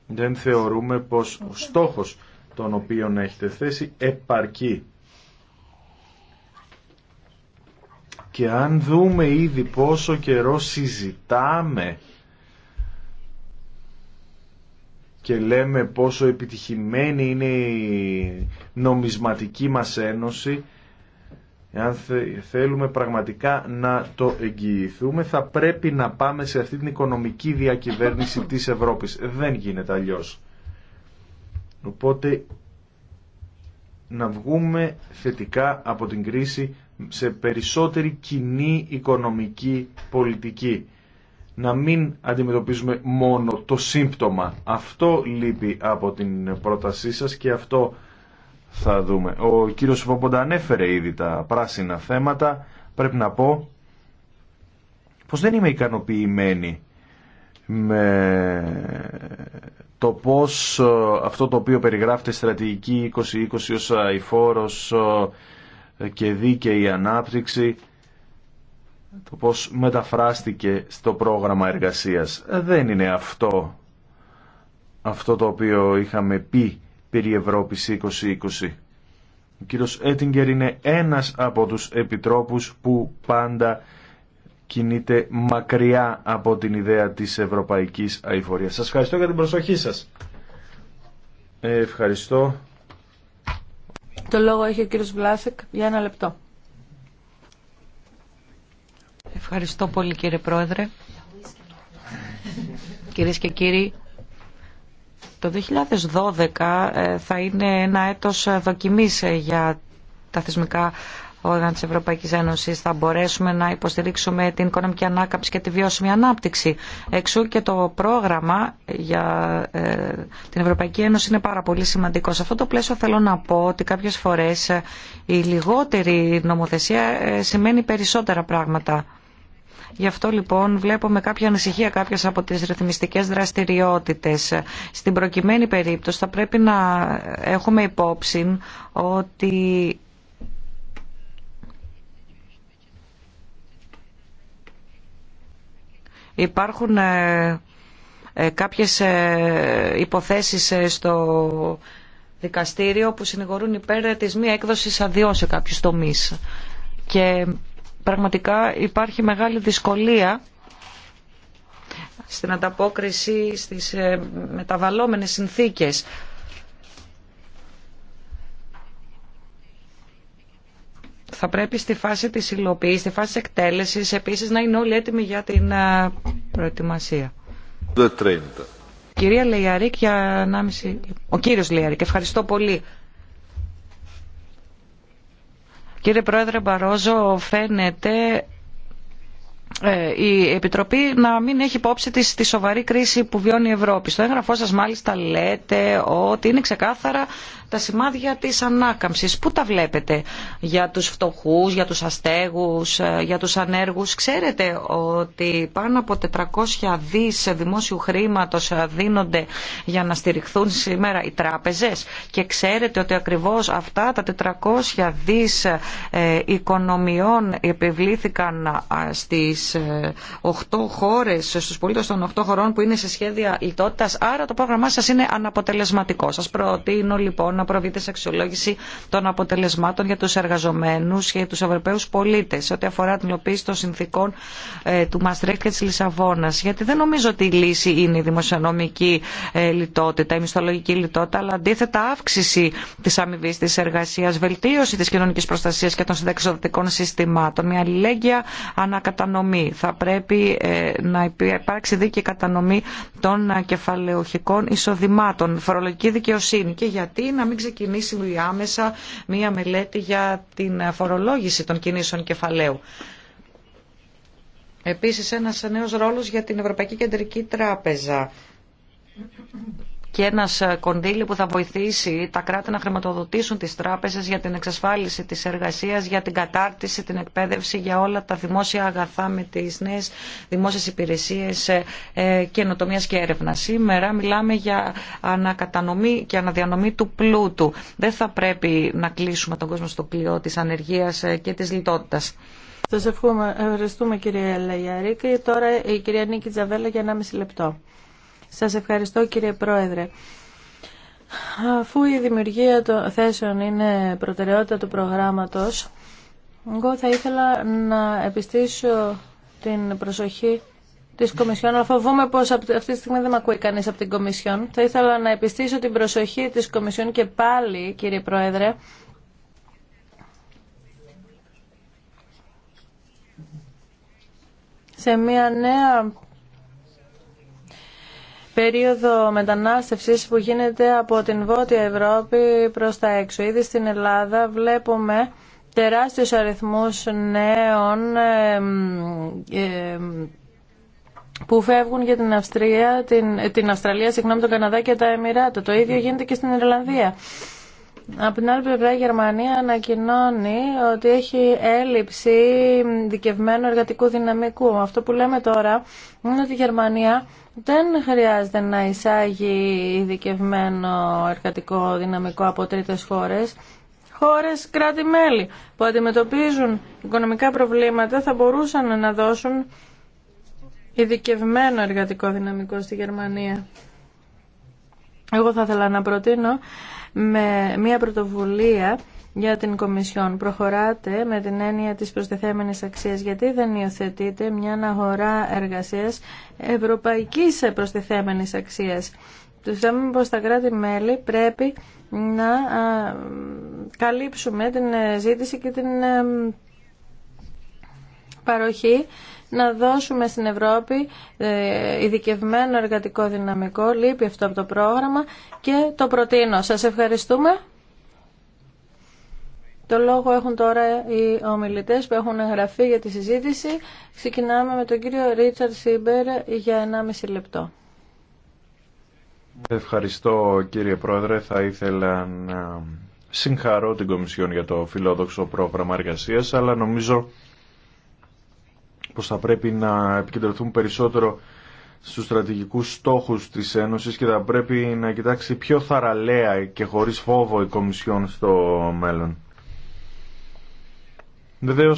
δεν θεωρούμε πως ο στόχος τον οποίον έχετε θέσει επαρκεί Και αν δούμε ήδη πόσο καιρό συζητάμε και λέμε πόσο επιτυχημένη είναι η νομισματική μας ένωση, αν θέλουμε πραγματικά να το εγγυηθούμε, θα πρέπει να πάμε σε αυτή την οικονομική διακυβέρνηση της Ευρώπης. Δεν γίνεται αλλιώς. Οπότε να βγούμε θετικά από την κρίση σε περισσότερη κοινή οικονομική πολιτική. Να μην αντιμετωπίζουμε μόνο το σύμπτωμα. Αυτό λείπει από την πρότασή σας και αυτό θα δούμε. Ο κύριος Φοποντα ανέφερε ήδη τα πράσινα θέματα. Πρέπει να πω πως δεν είμαι ικανοποιημένη με το πώς ε, αυτό το οποίο περιγράφεται στρατηγική 2020 ως αηφόρος ε, και δίκαιη ανάπτυξη το πώς μεταφράστηκε στο πρόγραμμα εργασίας. Ε, δεν είναι αυτό, αυτό το οποίο είχαμε πει περί Ευρώπης 2020. Ο κύριος Έτιγκερ είναι ένας από τους επιτρόπους που πάντα κινείται μακριά από την ιδέα της ευρωπαϊκής αηφορίας. Σας ευχαριστώ για την προσοχή σας. Ε, ευχαριστώ. Το λόγο έχει ο κύριος Βλάσεκ για ένα λεπτό. Ευχαριστώ πολύ κύριε Πρόεδρε. Κυρίες και κύριοι, το 2012 ε, θα είναι ένα έτος ε, δοκιμής ε, για τα θεσμικά όργανα της Ευρωπαϊκής Ένωσης θα μπορέσουμε να υποστηρίξουμε την οικονομική ανάκαμψη και τη βιώσιμη ανάπτυξη. Εξού και το πρόγραμμα για ε, την Ευρωπαϊκή Ένωση είναι πάρα πολύ σημαντικό. Σε αυτό το πλαίσιο θέλω να πω ότι κάποιες φορές ε, η λιγότερη νομοθεσία ε, σημαίνει περισσότερα πράγματα. Γι' αυτό λοιπόν βλέπουμε με κάποια ανησυχία κάποιες από τις ρυθμιστικές δραστηριότητες. Στην προκειμένη περίπτωση θα πρέπει να έχουμε υπόψη ότι Υπάρχουν ε, ε, κάποιες ε, υποθέσεις στο δικαστήριο που συνηγορούν υπέρ της μία έκδοσης αδειών σε κάποιους τομείς. Και πραγματικά υπάρχει μεγάλη δυσκολία στην ανταπόκριση στις μεταβαλλόμενες συνθήκες θα πρέπει στη φάση της υλοποίησης, στη φάση της εκτέλεσης επίσης να είναι όλοι έτοιμοι για την ε, προετοιμασία. Κυρία Λεϊαρίκ, για ανάμεση. Ο κύριος Λεϊαρίκ, ευχαριστώ πολύ. Κύριε Πρόεδρε Μπαρόζο, φαίνεται ε, η Επιτροπή να μην έχει υπόψη της τη σοβαρή κρίση που βιώνει η Ευρώπη. Στο έγγραφό σας μάλιστα λέτε ότι είναι ξεκάθαρα τα σημάδια της ανάκαμψης. Πού τα βλέπετε για τους φτωχούς, για τους αστέγους, ε, για τους ανέργους. Ξέρετε ότι πάνω από 400 δις δημόσιου χρήματος ε, δίνονται για να στηριχθούν σήμερα οι τράπεζες και ξέρετε ότι ακριβώς αυτά τα 400 δις ε, οικονομιών επιβλήθηκαν στις 8 χώρες, στους πολίτες των 8 χωρών που είναι σε σχέδια λιτότητας, άρα το πρόγραμμά σας είναι αναποτελεσματικό. Σας προτείνω λοιπόν προβείται προβείτε σε αξιολόγηση των αποτελεσμάτων για του εργαζομένου και τους Ευρωπαίους πολίτες ό,τι αφορά την υλοποίηση των συνθήκων ε, του Μαστρέχτ και της Λισαβόνας. Γιατί δεν νομίζω ότι η λύση είναι η δημοσιονομική ε, λιτότητα, η μισθολογική λιτότητα, αλλά αντίθετα αύξηση τη αμοιβή τη εργασία, βελτίωση τη κοινωνική προστασία και των συνταξιδοτικών συστημάτων, μια αλληλέγγυα ανακατανομή. Θα πρέπει ε, να υπάρξει δίκαιη κατανομή των κεφαλαιοχικών εισοδημάτων, φορολογική δικαιοσύνη και γιατί να να μην ξεκινήσει άμεσα μία μελέτη για την φορολόγηση των κινήσεων κεφαλαίου. Επίσης ένας νέος ρόλος για την Ευρωπαϊκή Κεντρική Τράπεζα και ένα ε, κονδύλι που θα βοηθήσει τα κράτη να χρηματοδοτήσουν τι τράπεζε για την εξασφάλιση τη εργασία, για την κατάρτιση, την εκπαίδευση, για όλα τα δημόσια αγαθά με τι νέε δημόσιε υπηρεσίε ε, καινοτομία και έρευνα. Σήμερα μιλάμε για ανακατανομή και αναδιανομή του πλούτου. Δεν θα πρέπει να κλείσουμε τον κόσμο στο κλειό τη ανεργία ε, και τη λιτότητα. Σα ευχαριστούμε κύριε Λαγιαρίκη. τώρα η κυρία Νίκη Τζαβέλα για 1,5 λεπτό. Σας ευχαριστώ κύριε Πρόεδρε. Αφού η δημιουργία των θέσεων είναι προτεραιότητα του προγράμματος, εγώ θα ήθελα να επιστήσω την προσοχή της Κομισιόν, αλλά φοβούμαι πως αυτή τη στιγμή δεν με ακούει κανείς από την Κομισιόν. Θα ήθελα να επιστήσω την προσοχή της Κομισιόν και πάλι, κύριε Πρόεδρε, σε μια νέα περίοδο μετανάστευσης που γίνεται από την βότια Ευρώπη προς τα έξω. Ήδη στην Ελλάδα βλέπουμε τεράστιους αριθμούς νέων που φεύγουν για την, Αυστρία, την, την Αυστραλία, συγγνώμη, τον Καναδά και τα Εμμυράτα. Το ίδιο γίνεται και στην Ιρλανδία. Από την άλλη πλευρά η Γερμανία ανακοινώνει ότι έχει έλλειψη δικευμένου εργατικού δυναμικού. Αυτό που λέμε τώρα είναι ότι η Γερμανία δεν χρειάζεται να εισάγει ειδικευμένο εργατικό δυναμικό από τρίτες χώρες. Χώρες κράτη-μέλη που αντιμετωπίζουν οικονομικά προβλήματα θα μπορούσαν να δώσουν ειδικευμένο εργατικό δυναμικό στη Γερμανία. Εγώ θα ήθελα να προτείνω με μια πρωτοβουλία για την Κομισιόν. Προχωράτε με την έννοια της προστεθέμενης αξίας. Γιατί δεν υιοθετείτε μια αγορά εργασίας ευρωπαϊκής προστεθέμενης αξίας. Το θέμα πως τα κράτη-μέλη πρέπει να καλύψουμε την ε, ζήτηση και την ε, παροχή να δώσουμε στην Ευρώπη ε, ειδικευμένο εργατικό δυναμικό. Λείπει αυτό από το πρόγραμμα και το προτείνω. Σας ευχαριστούμε. Το λόγο έχουν τώρα οι ομιλητές που έχουν εγγραφεί για τη συζήτηση. Ξεκινάμε με τον κύριο Ρίτσαρντ Σίμπερ για 1,5 λεπτό. Ευχαριστώ κύριε Πρόεδρε. Θα ήθελα να συγχαρώ την Κομισιόν για το φιλόδοξο πρόγραμμα εργασία, αλλά νομίζω πως θα πρέπει να επικεντρωθούν περισσότερο στους στρατηγικούς στόχους της Ένωσης και θα πρέπει να κοιτάξει πιο θαραλέα και χωρίς φόβο η Κομισιόν στο μέλλον. Βεβαίω,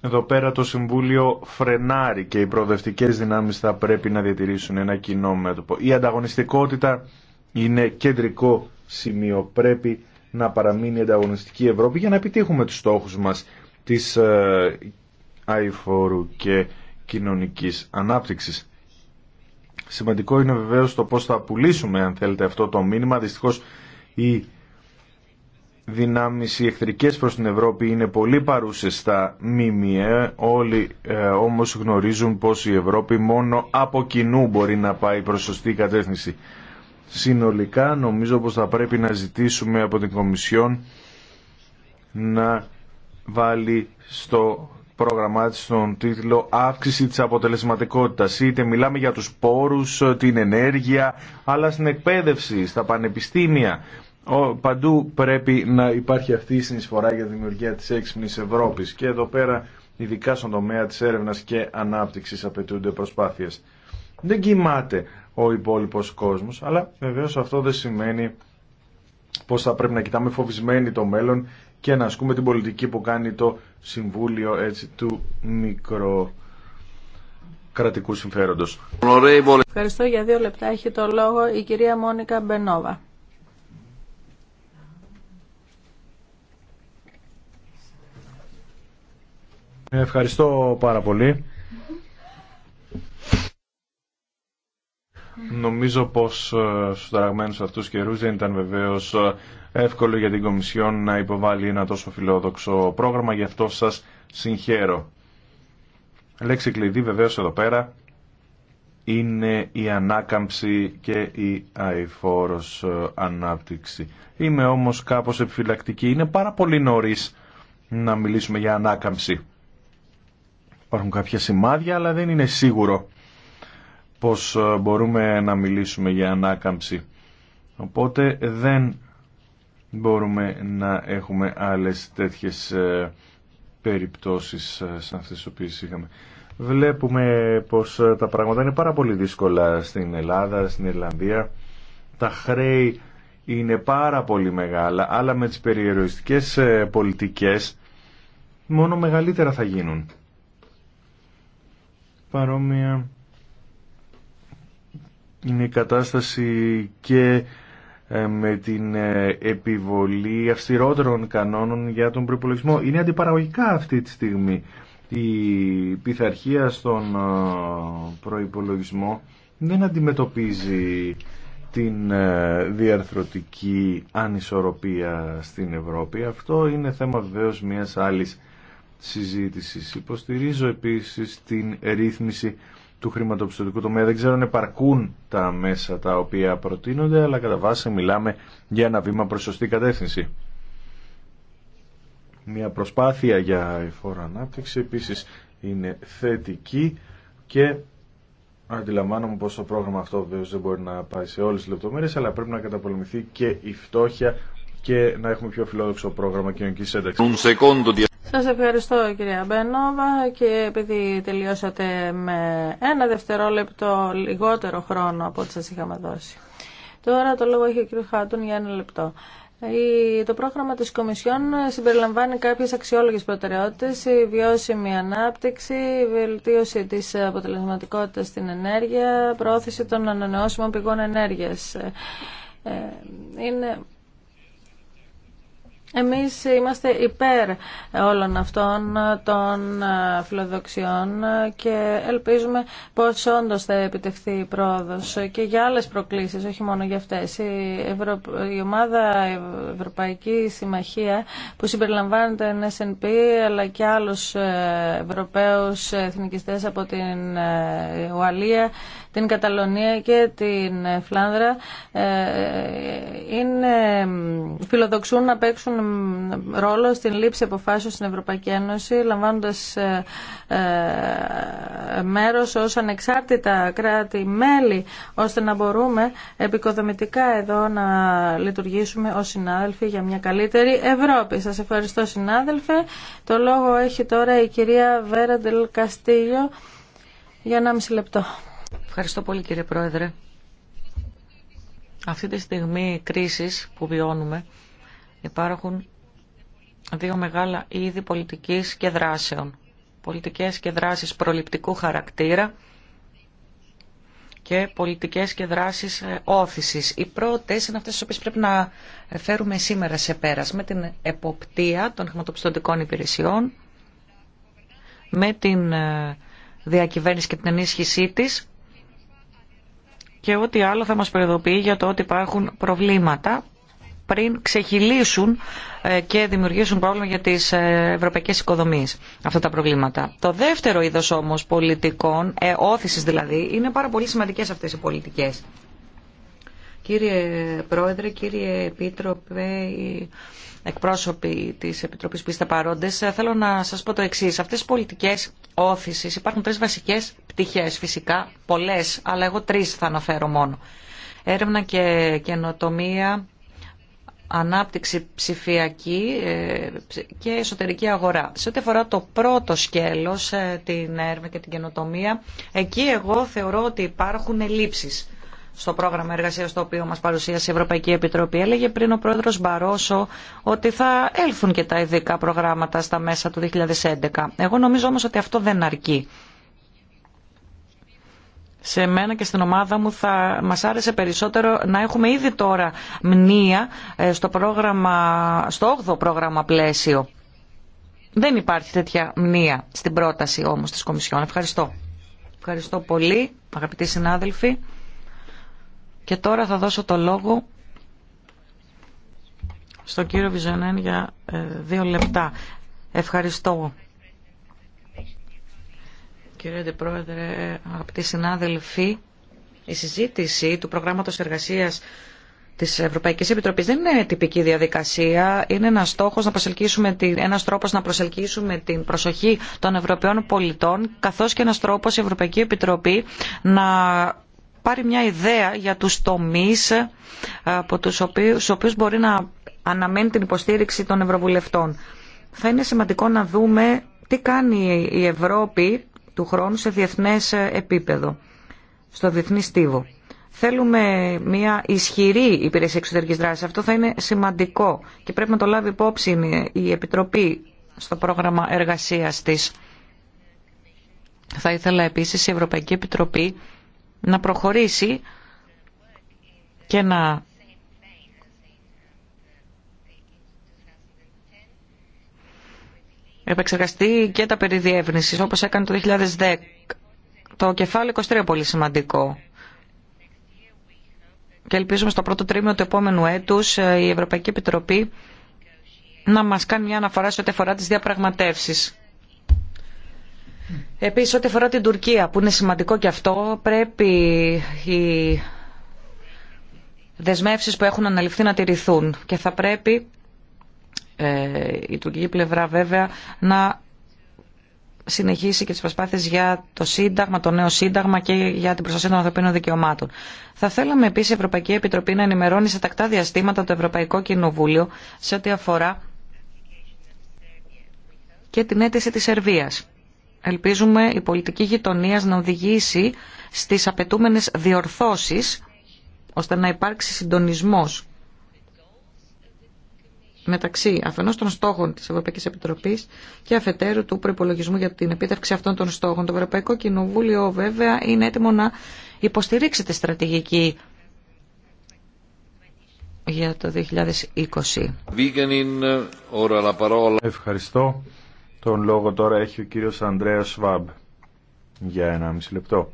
εδώ πέρα το Συμβούλιο φρενάρει και οι προοδευτικέ δυνάμεις θα πρέπει να διατηρήσουν ένα κοινό μέτωπο. Η ανταγωνιστικότητα είναι κεντρικό σημείο. Πρέπει να παραμείνει η ανταγωνιστική Ευρώπη για να επιτύχουμε τους στόχους μας της ε, αηφόρου και κοινωνικής ανάπτυξης. Σημαντικό είναι βεβαίως το πώ θα πουλήσουμε, αν θέλετε, αυτό το μήνυμα. η δυνάμεις οι εχθρικές προς την Ευρώπη είναι πολύ παρούσες στα ΜΜΕ, όλοι ε, όμως γνωρίζουν πως η Ευρώπη μόνο από κοινού μπορεί να πάει προς σωστή κατεύθυνση. Συνολικά νομίζω πως θα πρέπει να ζητήσουμε από την Κομισιόν να βάλει στο πρόγραμμά της τον τίτλο «Αύξηση της αποτελεσματικότητας». Είτε μιλάμε για τους πόρους, την ενέργεια, αλλά στην εκπαίδευση, στα πανεπιστήμια παντού πρέπει να υπάρχει αυτή η συνεισφορά για τη δημιουργία της έξυπνης Ευρώπης και εδώ πέρα ειδικά στον τομέα της έρευνας και ανάπτυξης απαιτούνται προσπάθειες. Δεν κοιμάται ο υπόλοιπος κόσμος, αλλά βεβαίως αυτό δεν σημαίνει πως θα πρέπει να κοιτάμε φοβισμένοι το μέλλον και να ασκούμε την πολιτική που κάνει το Συμβούλιο έτσι, του μικρό κρατικού συμφέροντος. Ευχαριστώ για δύο λεπτά. Έχει το λόγο η κυρία Μόνικα Μπενόβα. Ευχαριστώ πάρα πολύ. Νομίζω πως ε, στους ταραγμένους αυτούς καιρούς δεν ήταν βεβαίως ε, εύκολο για την Κομισιόν να υποβάλει ένα τόσο φιλόδοξο πρόγραμμα, γι' αυτό σας συγχαίρω. Λέξη κλειδί βεβαίως εδώ πέρα είναι η ανάκαμψη και η αηφόρος ε, ανάπτυξη. Είμαι όμως κάπως επιφυλακτική. Είναι πάρα πολύ νωρίς να μιλήσουμε για ανάκαμψη. Υπάρχουν κάποια σημάδια, αλλά δεν είναι σίγουρο πως ε, μπορούμε να μιλήσουμε για ανάκαμψη. Οπότε δεν μπορούμε να έχουμε άλλες τέτοιες ε, περιπτώσεις ε, σαν αυτές τις οποίες είχαμε. Βλέπουμε πως τα πράγματα είναι πάρα πολύ δύσκολα στην Ελλάδα, στην Ιρλανδία. Τα χρέη είναι πάρα πολύ μεγάλα, αλλά με τις περιεριστικές πολιτικές μόνο μεγαλύτερα θα γίνουν παρόμοια είναι η κατάσταση και ε, με την ε, επιβολή αυστηρότερων κανόνων για τον προπολογισμό. Είναι αντιπαραγωγικά αυτή τη στιγμή. Η πειθαρχία στον ε, προϋπολογισμό δεν αντιμετωπίζει την διαρθρωτική ανισορροπία στην Ευρώπη. Αυτό είναι θέμα βεβαίως μιας άλλης συζήτησης. Υποστηρίζω επίσης την ρύθμιση του χρηματοπιστωτικού τομέα. Δεν ξέρω αν επαρκούν τα μέσα τα οποία προτείνονται, αλλά κατά βάση μιλάμε για ένα βήμα προς σωστή κατεύθυνση. Μια προσπάθεια για η ανάπτυξη επίσης είναι θετική και αντιλαμβάνομαι πως το πρόγραμμα αυτό βέβαια δεν μπορεί να πάει σε όλες τις λεπτομέρειες, αλλά πρέπει να καταπολεμηθεί και η φτώχεια και να έχουμε πιο φιλόδοξο πρόγραμμα κοινωνικής ένταξης. Σας ευχαριστώ κυρία Μπένοβα και επειδή τελειώσατε με ένα δευτερόλεπτο λιγότερο χρόνο από ό,τι σας είχαμε δώσει. Τώρα το λόγο έχει ο κύριος Χάτουν για ένα λεπτό. Το πρόγραμμα της Κομισιόν συμπεριλαμβάνει κάποιες αξιόλογες προτεραιότητες, η βιώσιμη ανάπτυξη, η βελτίωση της αποτελεσματικότητας στην ενέργεια, πρόθεση των ανανεώσιμων πηγών ενέργειας. Ε, ε, είναι εμείς είμαστε υπέρ όλων αυτών των ε, φιλοδοξιών και ελπίζουμε πως όντως θα επιτευχθεί η πρόοδος και για άλλες προκλήσεις, όχι μόνο για αυτές. Η, ομάδα Ευρωπαϊκή Συμμαχία που συμπεριλαμβάνεται SNP αλλά και άλλους ε, Ευρωπαίους εθνικιστές από την ε, Ουαλία, την Καταλωνία και την Φλάνδρα ε, είναι, φιλοδοξούν να παίξουν ρόλο στην λήψη αποφάσεων στην Ευρωπαϊκή Ένωση λαμβάνοντας ε, ε, μέρος ως ανεξάρτητα κράτη-μέλη ώστε να μπορούμε επικοδομητικά εδώ να λειτουργήσουμε ως συνάδελφοι για μια καλύτερη Ευρώπη. Σας ευχαριστώ συνάδελφε. Το λόγο έχει τώρα η κυρία Βέραντελ για 1,5 λεπτό. Ευχαριστώ πολύ κύριε Πρόεδρε. Αυτή τη στιγμή κρίσης που βιώνουμε υπάρχουν δύο μεγάλα είδη πολιτικής και δράσεων. Πολιτικές και δράσεις προληπτικού χαρακτήρα και πολιτικές και δράσεις ε, όθησης. Οι πρώτες είναι αυτές τις οποίες πρέπει να φέρουμε σήμερα σε πέρας με την εποπτεία των χρηματοπιστωτικών υπηρεσιών, με την ε, διακυβέρνηση και την ενίσχυσή της και ό,τι άλλο θα μας προειδοποιεί για το ότι υπάρχουν προβλήματα πριν ξεχυλήσουν ε, και δημιουργήσουν πρόβλημα για τις ε, ευρωπαϊκές οικοδομίες αυτά τα προβλήματα. Το δεύτερο είδος όμως πολιτικών, ε, όθησης δηλαδή, είναι πάρα πολύ σημαντικές αυτές οι πολιτικές. Κύριε Πρόεδρε, κύριε Επίτροπε, εκπρόσωποι της Επιτροπής που είστε παρόντες, ε, θέλω να σας πω το εξής. Αυτές οι πολιτικές όθησης υπάρχουν τρεις βασικές πτυχές φυσικά, πολλέ, αλλά εγώ τρεις θα αναφέρω μόνο. Έρευνα και καινοτομία, ανάπτυξη ψηφιακή ε, και εσωτερική αγορά. Σε ό,τι αφορά το πρώτο σκέλος, ε, την έρευνα και την καινοτομία, εκεί εγώ θεωρώ ότι υπάρχουν ελλείψεις στο πρόγραμμα εργασία το οποίο μα παρουσίασε η Ευρωπαϊκή Επιτροπή. Έλεγε πριν ο πρόεδρο Μπαρόσο ότι θα έλθουν και τα ειδικά προγράμματα στα μέσα του 2011. Εγώ νομίζω όμω ότι αυτό δεν αρκεί σε μένα και στην ομάδα μου θα μας άρεσε περισσότερο να έχουμε ήδη τώρα μνήα ε, στο, πρόγραμμα, στο 8ο πρόγραμμα πλαίσιο. Δεν υπάρχει τέτοια μνήα στην πρόταση όμως της Κομισιόν. Ευχαριστώ. Ευχαριστώ πολύ αγαπητοί συνάδελφοι. Και τώρα θα δώσω το λόγο στον κύριο Βιζονέν για ε, δύο λεπτά. Ευχαριστώ Κύριε Αντιπρόεδρε, αγαπητοί συνάδελφοι, η συζήτηση του προγράμματος εργασίας της Ευρωπαϊκής Επιτροπής δεν είναι τυπική διαδικασία, είναι ένας, στόχος να προσελκύσουμε την, ένας τρόπος να προσελκύσουμε την προσοχή των Ευρωπαίων πολιτών, καθώς και ένας τρόπος η Ευρωπαϊκή Επιτροπή να πάρει μια ιδέα για τους τομείς ε, από τους οποίους, στους οποίους μπορεί να αναμένει την υποστήριξη των Ευρωβουλευτών. Θα είναι σημαντικό να δούμε τι κάνει η Ευρώπη του χρόνου σε διεθνές επίπεδο, στο διεθνή στίβο. Θέλουμε μια ισχυρή υπηρεσία εξωτερικής δράσης. Αυτό θα είναι σημαντικό και πρέπει να το λάβει υπόψη η Επιτροπή στο πρόγραμμα εργασίας της. Θα ήθελα επίσης η Ευρωπαϊκή Επιτροπή να προχωρήσει και να επεξεργαστεί και τα περί διεύνησης, όπως έκανε το 2010. Το κεφάλαιο 23 πολύ σημαντικό. Και ελπίζουμε στο πρώτο τρίμηνο του επόμενου έτους ε, η Ευρωπαϊκή Επιτροπή να μας κάνει μια αναφορά σε ό,τι αφορά τις διαπραγματεύσεις. Επίσης, ό,τι αφορά την Τουρκία, που είναι σημαντικό και αυτό, πρέπει οι δεσμεύσεις που έχουν αναλυφθεί να τηρηθούν και θα πρέπει ε, η τουρκική πλευρά βέβαια να συνεχίσει και τις προσπάθειες για το Σύνταγμα, το νέο Σύνταγμα και για την προστασία των ανθρωπίνων δικαιωμάτων. Θα θέλαμε επίσης η Ευρωπαϊκή Επιτροπή να ενημερώνει σε τακτά διαστήματα το Ευρωπαϊκό Κοινοβούλιο σε ό,τι αφορά και την αίτηση της Σερβίας. Ελπίζουμε η πολιτική γειτονία να οδηγήσει στις απαιτούμενες διορθώσεις ώστε να υπάρξει συντονισμός μεταξύ αφενός των στόχων της Ευρωπαϊκής Επιτροπής και αφετέρου του προπολογισμού για την επίτευξη αυτών των στόχων. Το Ευρωπαϊκό Κοινοβούλιο βέβαια είναι έτοιμο να υποστηρίξει τη στρατηγική για το 2020. Ευχαριστώ. Τον λόγο τώρα έχει ο κύριος Ανδρέας Σβάμπ για ένα μισή λεπτό.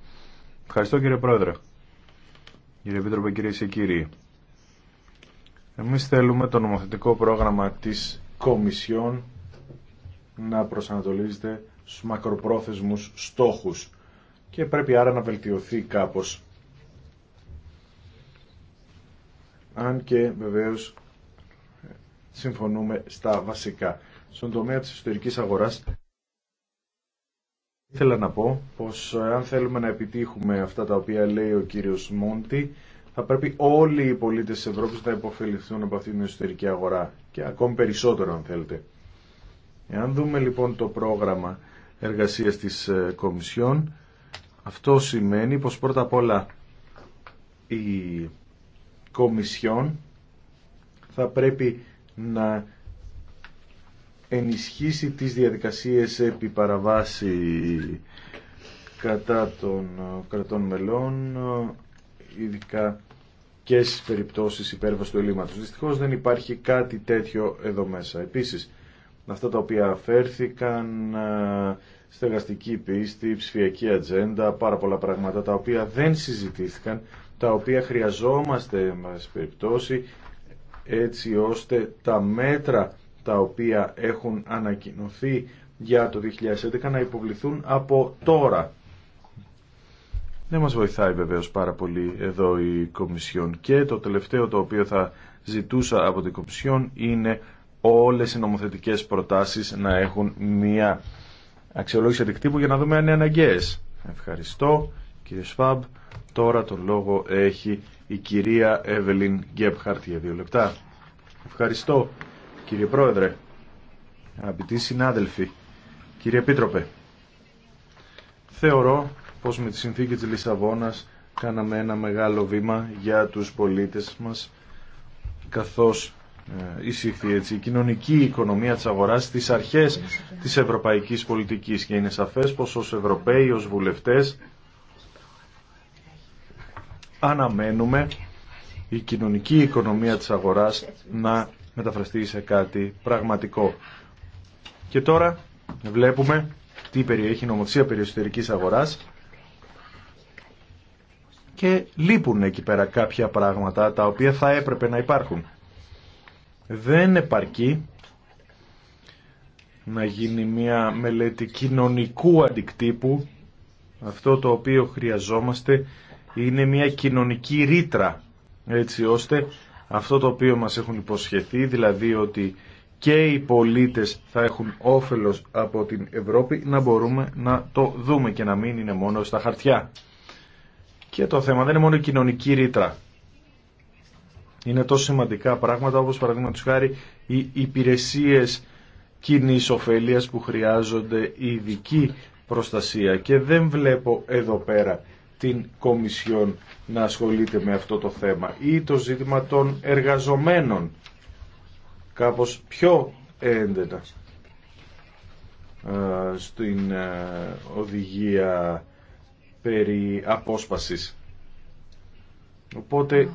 Ευχαριστώ κύριε Πρόεδρε. Κύριε Επίτροπε, κυρίε και κύριοι. Εμείς θέλουμε το νομοθετικό πρόγραμμα της Κομισιόν να προσανατολίζεται στους μακροπρόθεσμους στόχους και πρέπει άρα να βελτιωθεί κάπως. Αν και βεβαίως συμφωνούμε στα βασικά. Στον τομέα της εσωτερικής αγοράς ήθελα να πω πως ε, αν θέλουμε να επιτύχουμε αυτά τα οποία λέει ο κύριος Μόντι θα πρέπει όλοι οι πολίτε τη Ευρώπη να υποφεληθούν από αυτήν την εσωτερική αγορά και ακόμη περισσότερο αν θέλετε. Εάν δούμε λοιπόν το πρόγραμμα εργασίας της ε, Κομισιόν, αυτό σημαίνει πως πρώτα απ' όλα η Κομισιόν θα πρέπει να ενισχύσει τις διαδικασίες επί παραβάση κατά των ε, κρατών μελών ειδικά και στι περιπτώσει υπέρβαση του ελλείμματο. Δυστυχώς δεν υπάρχει κάτι τέτοιο εδώ μέσα. Επίσης, αυτά τα οποία αφέρθηκαν, ε, στεγαστική πίστη, ψηφιακή ατζέντα, πάρα πολλά πράγματα τα οποία δεν συζητήθηκαν, τα οποία χρειαζόμαστε μα περιπτώσει έτσι ώστε τα μέτρα τα οποία έχουν ανακοινωθεί για το 2011 να υποβληθούν από τώρα. Δεν μας βοηθάει βεβαίως πάρα πολύ εδώ η Κομισιόν. Και το τελευταίο το οποίο θα ζητούσα από την Κομισιόν είναι όλες οι νομοθετικές προτάσεις να έχουν μία αξιολόγηση αντικτύπου για να δούμε αν είναι αναγκαίες. Ευχαριστώ κύριε Σφάμπ. Τώρα τον λόγο έχει η κυρία Εύελιν Γκέπχαρτ για δύο λεπτά. Ευχαριστώ κύριε Πρόεδρε, αγαπητοί συνάδελφοι, κύριε Επίτροπε. Θεωρώ πως με τη συνθήκη της Λισαβόνας κάναμε ένα μεγάλο βήμα για τους πολίτες μας καθώς ε, εισήχθη έτσι η κοινωνική οικονομία της αγοράς στις αρχές της ευρωπαϊκής πολιτικής και είναι σαφές πως ως Ευρωπαίοι, ως βουλευτές αναμένουμε η κοινωνική οικονομία της αγοράς να μεταφραστεί σε κάτι πραγματικό. Και τώρα βλέπουμε τι περιέχει η νομοθεσία αγοράς και λείπουν εκεί πέρα κάποια πράγματα τα οποία θα έπρεπε να υπάρχουν. Δεν επαρκεί να γίνει μια μελέτη κοινωνικού αντικτύπου. Αυτό το οποίο χρειαζόμαστε είναι μια κοινωνική ρήτρα, έτσι ώστε αυτό το οποίο μας έχουν υποσχεθεί, δηλαδή ότι και οι πολίτες θα έχουν όφελος από την Ευρώπη, να μπορούμε να το δούμε και να μην είναι μόνο στα χαρτιά. Και το θέμα δεν είναι μόνο η κοινωνική ρήτρα. Είναι τόσο σημαντικά πράγματα όπως παραδείγματος χάρη οι υπηρεσίες κοινή ωφελία που χρειάζονται ειδική προστασία και δεν βλέπω εδώ πέρα την Κομισιόν να ασχολείται με αυτό το θέμα ή το ζήτημα των εργαζομένων κάπως πιο έντενα στην ε, οδηγία περί απόσπασης. Οπότε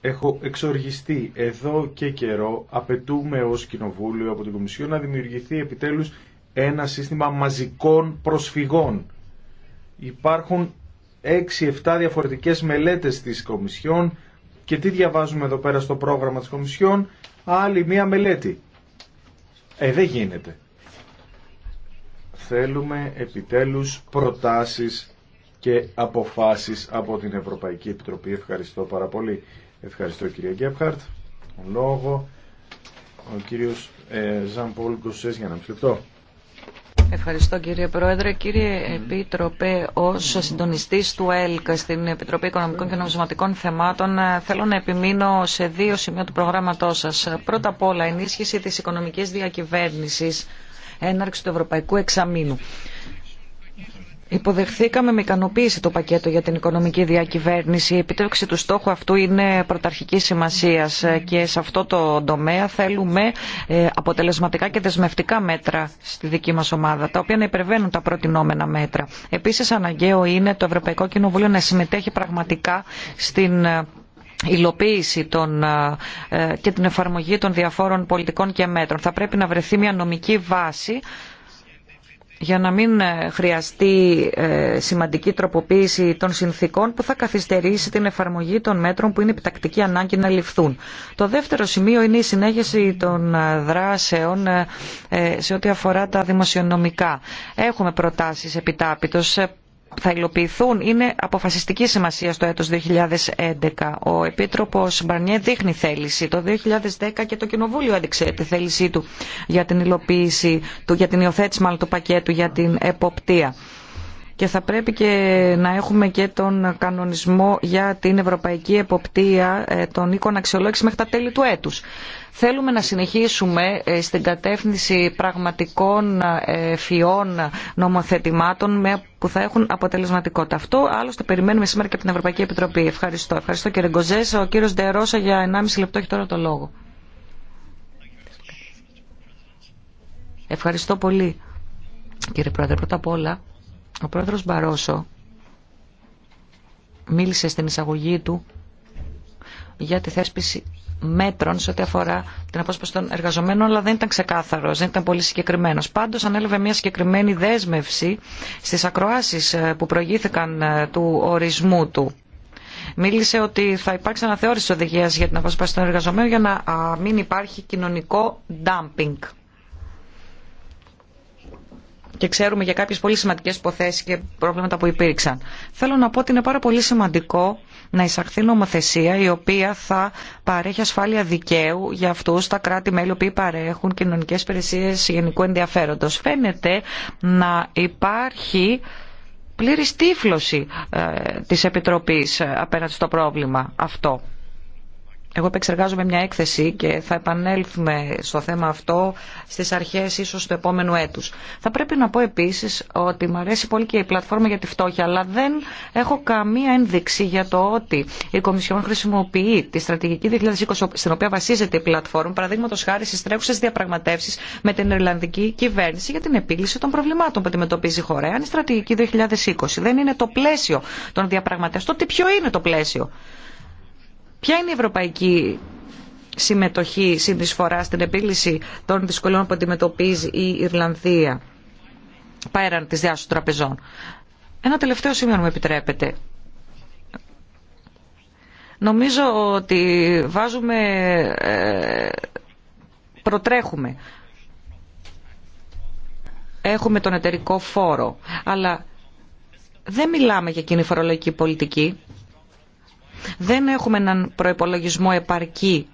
έχω εξοργιστεί εδώ και καιρό απαιτούμε ως Κοινοβούλιο από την Κομισιόν να δημιουργηθεί επιτέλους ένα σύστημα μαζικών προσφυγών. Υπάρχουν 6-7 διαφορετικές μελέτες της Κομισιόν και τι διαβάζουμε εδώ πέρα στο πρόγραμμα της Κομισιόν, άλλη μία μελέτη. Ε, δεν γίνεται θέλουμε επιτέλους προτάσεις και αποφάσεις από την Ευρωπαϊκή Επιτροπή. Ευχαριστώ πάρα πολύ. Ευχαριστώ κύριε Γκέπχαρτ. Ο λόγο ο κύριος ε, Ζαν Πολ για να μην λεπτό. Ευχαριστώ κύριε Πρόεδρε. Κύριε Επίτροπε, ω συντονιστή του ΕΛΚ στην Επιτροπή Οικονομικών και Νομισματικών Θεμάτων, ε, θέλω να επιμείνω σε δύο σημεία του προγράμματό σα. Πρώτα απ' όλα, ενίσχυση τη οικονομική διακυβέρνηση έναρξη του Ευρωπαϊκού Εξαμήνου. Υποδεχθήκαμε με ικανοποίηση το πακέτο για την οικονομική διακυβέρνηση. Η επιτεύξη του στόχου αυτού είναι πρωταρχική σημασία και σε αυτό το τομέα θέλουμε ε, αποτελεσματικά και δεσμευτικά μέτρα στη δική μα ομάδα, τα οποία να υπερβαίνουν τα προτινόμενα μέτρα. Επίση, αναγκαίο είναι το Ευρωπαϊκό Κοινοβούλιο να συμμετέχει πραγματικά στην ε, υλοποίηση ε, και την εφαρμογή των διαφόρων πολιτικών και μέτρων. Θα πρέπει να βρεθεί μια νομική βάση για να μην ε, χρειαστεί ε, σημαντική τροποποίηση των συνθήκων που θα καθυστερήσει την εφαρμογή των μέτρων που είναι επιτακτική ανάγκη να ληφθούν. Το δεύτερο σημείο είναι η συνέχιση των δράσεων σε ό,τι αφορά τα δημοσιονομικά. Έχουμε προτάσεις επιτάπητος θα υλοποιηθούν είναι αποφασιστική σημασία στο έτος 2011. Ο Επίτροπος Μπαρνιέ δείχνει θέληση. Το 2010 και το Κοινοβούλιο έδειξε τη θέλησή του για την υλοποίηση, του, για την υιοθέτηση μάλλον του πακέτου για την εποπτεία και θα πρέπει και να έχουμε και τον κανονισμό για την ευρωπαϊκή εποπτεία ε, των οίκων αξιολόγηση μέχρι τα τέλη του έτους. Θέλουμε να συνεχίσουμε ε, στην κατεύθυνση πραγματικών ε, φιών νομοθετημάτων που θα έχουν αποτελεσματικότητα. Αυτό άλλωστε περιμένουμε σήμερα και από την Ευρωπαϊκή Επιτροπή. Ευχαριστώ. Ευχαριστώ κύριε Γκοζέ. Ο κύριος Ντερόσα για 1,5 λεπτό έχει τώρα το λόγο. Ευχαριστώ πολύ κύριε Πρόεδρε. Πρώτα απ' όλα ο πρόεδρος Μπαρόσο μίλησε στην εισαγωγή του για τη θέσπιση μέτρων σε ό,τι αφορά την απόσπαση των εργαζομένων, αλλά δεν ήταν ξεκάθαρο, δεν ήταν πολύ συγκεκριμένο. Πάντω, ανέλαβε μια συγκεκριμένη δέσμευση στι ακροάσει ε, που προηγήθηκαν ε, του ορισμού του. Μίλησε ότι θα υπάρξει αναθεώρηση οδηγία για την απόσπαση των εργαζομένων για να μην υπάρχει κοινωνικό dumping και ξέρουμε για κάποιες πολύ σημαντικές υποθέσεις και προβλήματα που υπήρξαν. Θέλω να πω ότι είναι πάρα πολύ σημαντικό να εισαχθεί νομοθεσία η οποία θα παρέχει ασφάλεια δικαίου για αυτούς τα κράτη-μέλη που παρέχουν κοινωνικές υπηρεσίε γενικού ενδιαφέροντος. Φαίνεται να υπάρχει πλήρη τύφλωση ε, της Επιτροπής ε, απέναντι στο πρόβλημα αυτό. Εγώ επεξεργάζομαι μια έκθεση και θα επανέλθουμε στο θέμα αυτό στις αρχές ίσως του επόμενου έτους. Θα πρέπει να πω επίσης ότι μου αρέσει πολύ και η πλατφόρμα για τη φτώχεια, αλλά δεν έχω καμία ένδειξη για το ότι η Κομισιόν χρησιμοποιεί τη στρατηγική 2020 στην οποία βασίζεται η πλατφόρμα, παραδείγματο χάρη στις τρέχουσες διαπραγματεύσεις με την Ιρλανδική κυβέρνηση για την επίλυση των προβλημάτων που αντιμετωπίζει η χώρα. Αν η στρατηγική 2020 δεν είναι το πλαίσιο των διαπραγματεύσεων, τότε ποιο είναι το πλαίσιο. Ποια είναι η ευρωπαϊκή συμμετοχή, συνεισφορά στην επίλυση των δυσκολιών που αντιμετωπίζει η Ιρλανδία πέραν της διάσωσης τραπεζών. Ένα τελευταίο σημείο μου επιτρέπετε. Νομίζω ότι βάζουμε, ε, προτρέχουμε. Έχουμε τον εταιρικό φόρο, αλλά δεν μιλάμε για κοινή φορολογική πολιτική. Δεν έχουμε έναν προπολογισμό επαρκή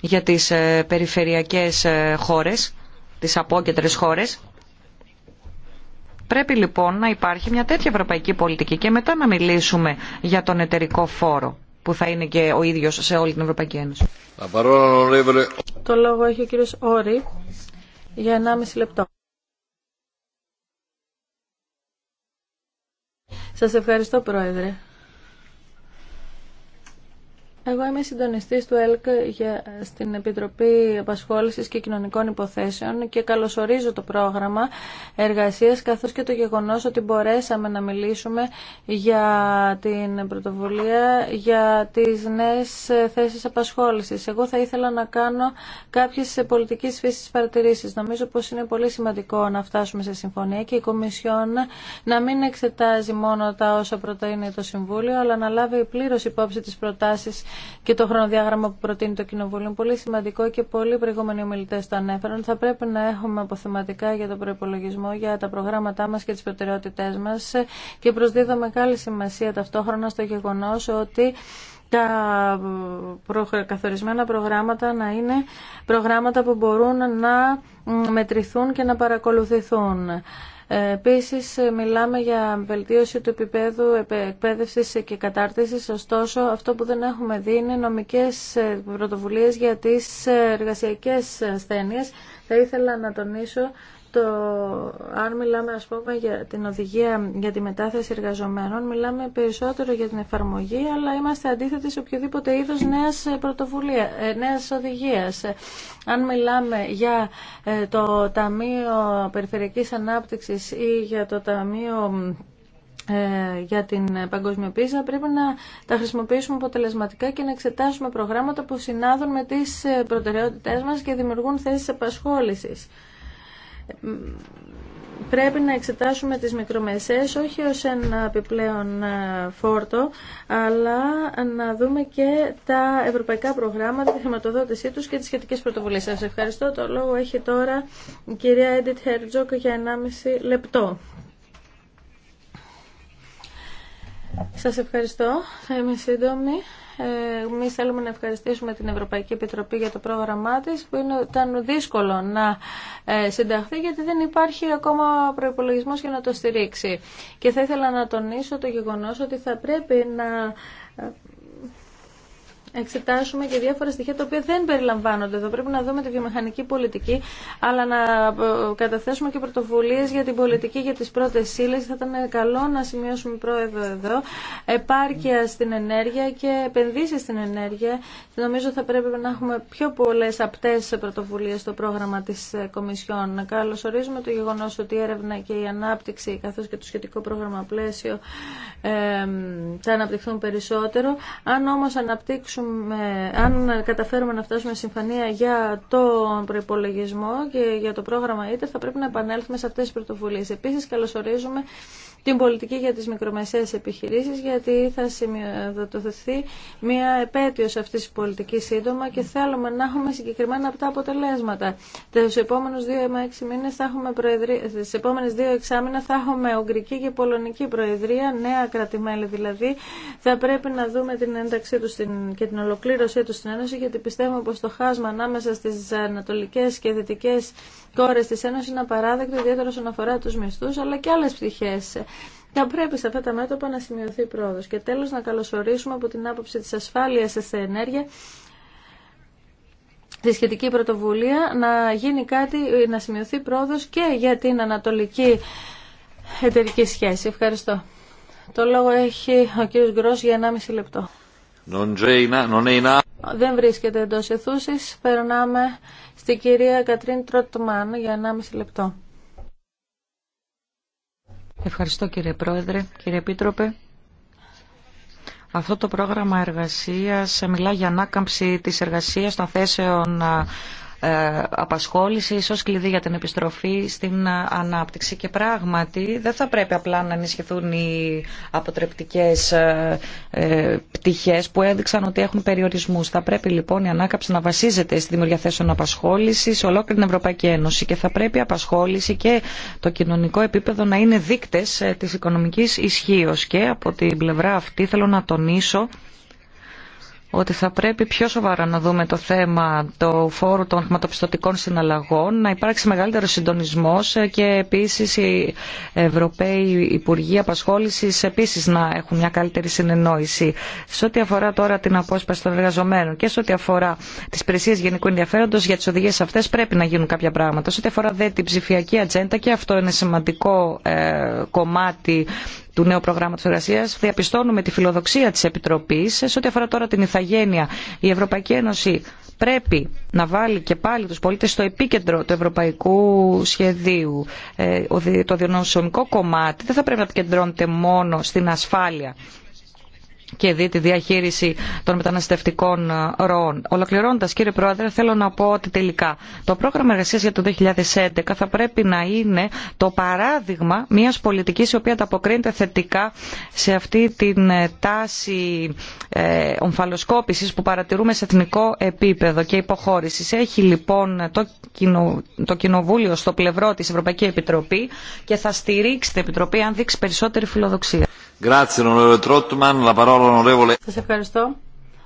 για τις ε, περιφερειακές ε, χώρες, τις απόκεντρες χώρες. Πρέπει λοιπόν να υπάρχει μια τέτοια ευρωπαϊκή πολιτική και μετά να μιλήσουμε για τον εταιρικό φόρο που θα είναι και ο ίδιος σε όλη την Ευρωπαϊκή Ένωση. Το λόγο έχει ο κύριος Όρη για 1,5 λεπτό. Σας ευχαριστώ Πρόεδρε. Εγώ είμαι συντονιστή του ΕΛΚ για, στην Επιτροπή Απασχόλησης και Κοινωνικών Υποθέσεων και καλωσορίζω το πρόγραμμα εργασίας καθώς και το γεγονός ότι μπορέσαμε να μιλήσουμε για την πρωτοβουλία για τις νέες θέσεις απασχόλησης. Εγώ θα ήθελα να κάνω κάποιες πολιτικής φύσης παρατηρήσεις. Νομίζω πως είναι πολύ σημαντικό να φτάσουμε σε συμφωνία και η Κομισιόν να μην εξετάζει μόνο τα όσα προτείνει το Συμβούλιο αλλά να λάβει πλήρως υπόψη τις προτάσεις και το χρονοδιάγραμμα που προτείνει το Κοινοβούλιο είναι πολύ σημαντικό και πολλοί προηγούμενοι ομιλητέ το ανέφεραν. Θα πρέπει να έχουμε αποθεματικά για τον προπολογισμό, για τα προγράμματά μα και τι προτεραιότητέ μα και προσδίδω μεγάλη σημασία ταυτόχρονα στο γεγονό ότι τα καθορισμένα προγράμματα να είναι προγράμματα που μπορούν να μετρηθούν και να παρακολουθηθούν. Επίση, μιλάμε για βελτίωση του επίπεδου εκπαίδευση και κατάρτιση. Ωστόσο, αυτό που δεν έχουμε δει είναι νομικέ ε, πρωτοβουλίε για τι ε, εργασιακέ ασθένειε. Θα ήθελα να τονίσω το, αν μιλάμε ας πούμε για την οδηγία για τη μετάθεση εργαζομένων, μιλάμε περισσότερο για την εφαρμογή, αλλά είμαστε αντίθετοι σε οποιοδήποτε είδος νέας, πρωτοβουλία, ε, νέας οδηγίας. Αν μιλάμε για ε, το Ταμείο Περιφερειακής Ανάπτυξης ή για το Ταμείο ε, για την παγκοσμιοποίηση πρέπει να τα χρησιμοποιήσουμε αποτελεσματικά και να εξετάσουμε προγράμματα που συνάδουν με τις προτεραιότητές μας και δημιουργούν θέσεις απασχόλησης πρέπει να εξετάσουμε τις μικρομεσαίες όχι ως ένα επιπλέον ε, φόρτο, αλλά να δούμε και τα ευρωπαϊκά προγράμματα, τη χρηματοδότησή τους και τις σχετικές πρωτοβουλίες. Σας ευχαριστώ. Το λόγο έχει τώρα η κυρία Έντιτ Χέρτζοκ για 1,5 λεπτό. Σας ευχαριστώ. Θα είμαι σύντομη. Εμεί θέλουμε να ευχαριστήσουμε την Ευρωπαϊκή Επιτροπή για το πρόγραμμά τη, που ήταν δύσκολο να ε, συνταχθεί, γιατί δεν υπάρχει ακόμα προπολογισμό για να το στηρίξει. Και θα ήθελα να τονίσω το γεγονό ότι θα πρέπει να εξετάσουμε και διάφορα στοιχεία τα οποία δεν περιλαμβάνονται εδώ. Πρέπει να δούμε τη βιομηχανική πολιτική, αλλά να ε, καταθέσουμε και πρωτοβουλίε για την πολιτική για τι πρώτε ύλε. Θα ήταν καλό να σημειώσουμε πρόεδρο εδώ. Επάρκεια στην ενέργεια και επενδύσει στην ενέργεια. Νομίζω θα πρέπει να έχουμε πιο πολλέ απτέ πρωτοβουλίε στο πρόγραμμα τη ε, Κομισιόν. Καλωσορίζουμε το γεγονό ότι η έρευνα και η ανάπτυξη, καθώ και το σχετικό πρόγραμμα πλαίσιο, ε, θα αναπτυχθούν περισσότερο. Αν όμω αναπτύξουμε αν καταφέρουμε να φτάσουμε συμφωνία για τον προπολογισμό και για το πρόγραμμα ΙΤΕ, θα πρέπει να επανέλθουμε σε αυτές τις πρωτοβουλίες. Επίσης, καλωσορίζουμε την πολιτική για τις μικρομεσαίες επιχειρήσεις, γιατί θα σημειοδοτηθεί μια επέτειος αυτής της πολιτικής σύντομα και θέλουμε να έχουμε συγκεκριμένα από τα αποτελέσματα. Τους επόμενους δύο με έξι μήνες θα έχουμε προεδρία, στις επόμενες δύο εξάμεινα θα έχουμε Ουγγρική και Πολωνική Προεδρία, νέα κρατημέλη δηλαδή. Θα πρέπει να δούμε την ένταξή του. και την ολοκλήρωσή του στην Ένωση, γιατί πιστεύουμε πω το χάσμα ανάμεσα στι ανατολικέ και δυτικέ κόρε τη Ένωση, είναι απαράδεκτο, ιδιαίτερα όσον αφορά του μισθού, αλλά και άλλε πτυχέ. Θα πρέπει σε αυτά τα μέτωπα να σημειωθεί πρόοδο. Και τέλο να καλωσορίσουμε από την άποψη τη ασφάλεια σε ενέργεια τη σχετική πρωτοβουλία να γίνει κάτι, να σημειωθεί πρόοδο και για την ανατολική εταιρική σχέση. Ευχαριστώ. Το λόγο έχει ο κύριος Γκρός για 1,5 λεπτό. Δεν βρίσκεται εντό αιθούση. Περνάμε στην κυρία Κατρίν Τρότμαν για 1,5 λεπτό. Ευχαριστώ κύριε Πρόεδρε, κύριε Επίτροπε. Αυτό το πρόγραμμα εργασίας μιλά για ανάκαμψη της εργασίας των θέσεων ε, απασχόληση ως κλειδί για την επιστροφή στην ε, ανάπτυξη και πράγματι δεν θα πρέπει απλά να ενισχυθούν οι αποτρεπτικές ε, πτυχές που έδειξαν ότι έχουν περιορισμούς. Θα πρέπει λοιπόν η ανάκαψη να βασίζεται στη δημιουργία θέσεων απασχόλησης σε ολόκληρη την Ευρωπαϊκή Ένωση και θα πρέπει η απασχόληση και το κοινωνικό επίπεδο να είναι δείκτες της οικονομικής ισχύω και από την πλευρά αυτή θέλω να τονίσω ότι θα πρέπει πιο σοβαρά να δούμε το θέμα του φόρου των χρηματοπιστωτικών συναλλαγών, να υπάρξει μεγαλύτερο συντονισμό και επίση οι Ευρωπαίοι Υπουργοί Απασχόληση επίση να έχουν μια καλύτερη συνεννόηση. Σε ό,τι αφορά τώρα την απόσπαση των εργαζομένων και σε ό,τι αφορά τι υπηρεσίε γενικού ενδιαφέροντο για τι οδηγίε αυτέ πρέπει να γίνουν κάποια πράγματα. Σε ό,τι αφορά δε την ψηφιακή ατζέντα και αυτό είναι σημαντικό ε, κομμάτι του νέου προγράμματος εργασία. διαπιστώνουμε τη φιλοδοξία της Επιτροπής σε ό,τι αφορά τώρα την ηθαγένεια. Η Ευρωπαϊκή Ένωση πρέπει να βάλει και πάλι τους πολίτες στο επίκεντρο του ευρωπαϊκού σχεδίου. Ε, το διονοσομικό κομμάτι δεν θα πρέπει να επικεντρώνεται μόνο στην ασφάλεια και δει τη διαχείριση των μεταναστευτικών ε, ροών. Ολοκληρώνοντα, κύριε Πρόεδρε, θέλω να πω ότι τελικά το πρόγραμμα εργασία για το 2011 θα πρέπει να είναι το παράδειγμα μια πολιτική η οποία ανταποκρίνεται θετικά σε αυτή την ε, τάση ε, ομφαλοσκόπηση που παρατηρούμε σε εθνικό επίπεδο και υποχώρηση. Έχει λοιπόν το, κοινο, το Κοινοβούλιο στο πλευρό τη Ευρωπαϊκή Επιτροπή και θα στηρίξει την Επιτροπή αν δείξει περισσότερη φιλοδοξία. Grazie, σας ευχαριστώ.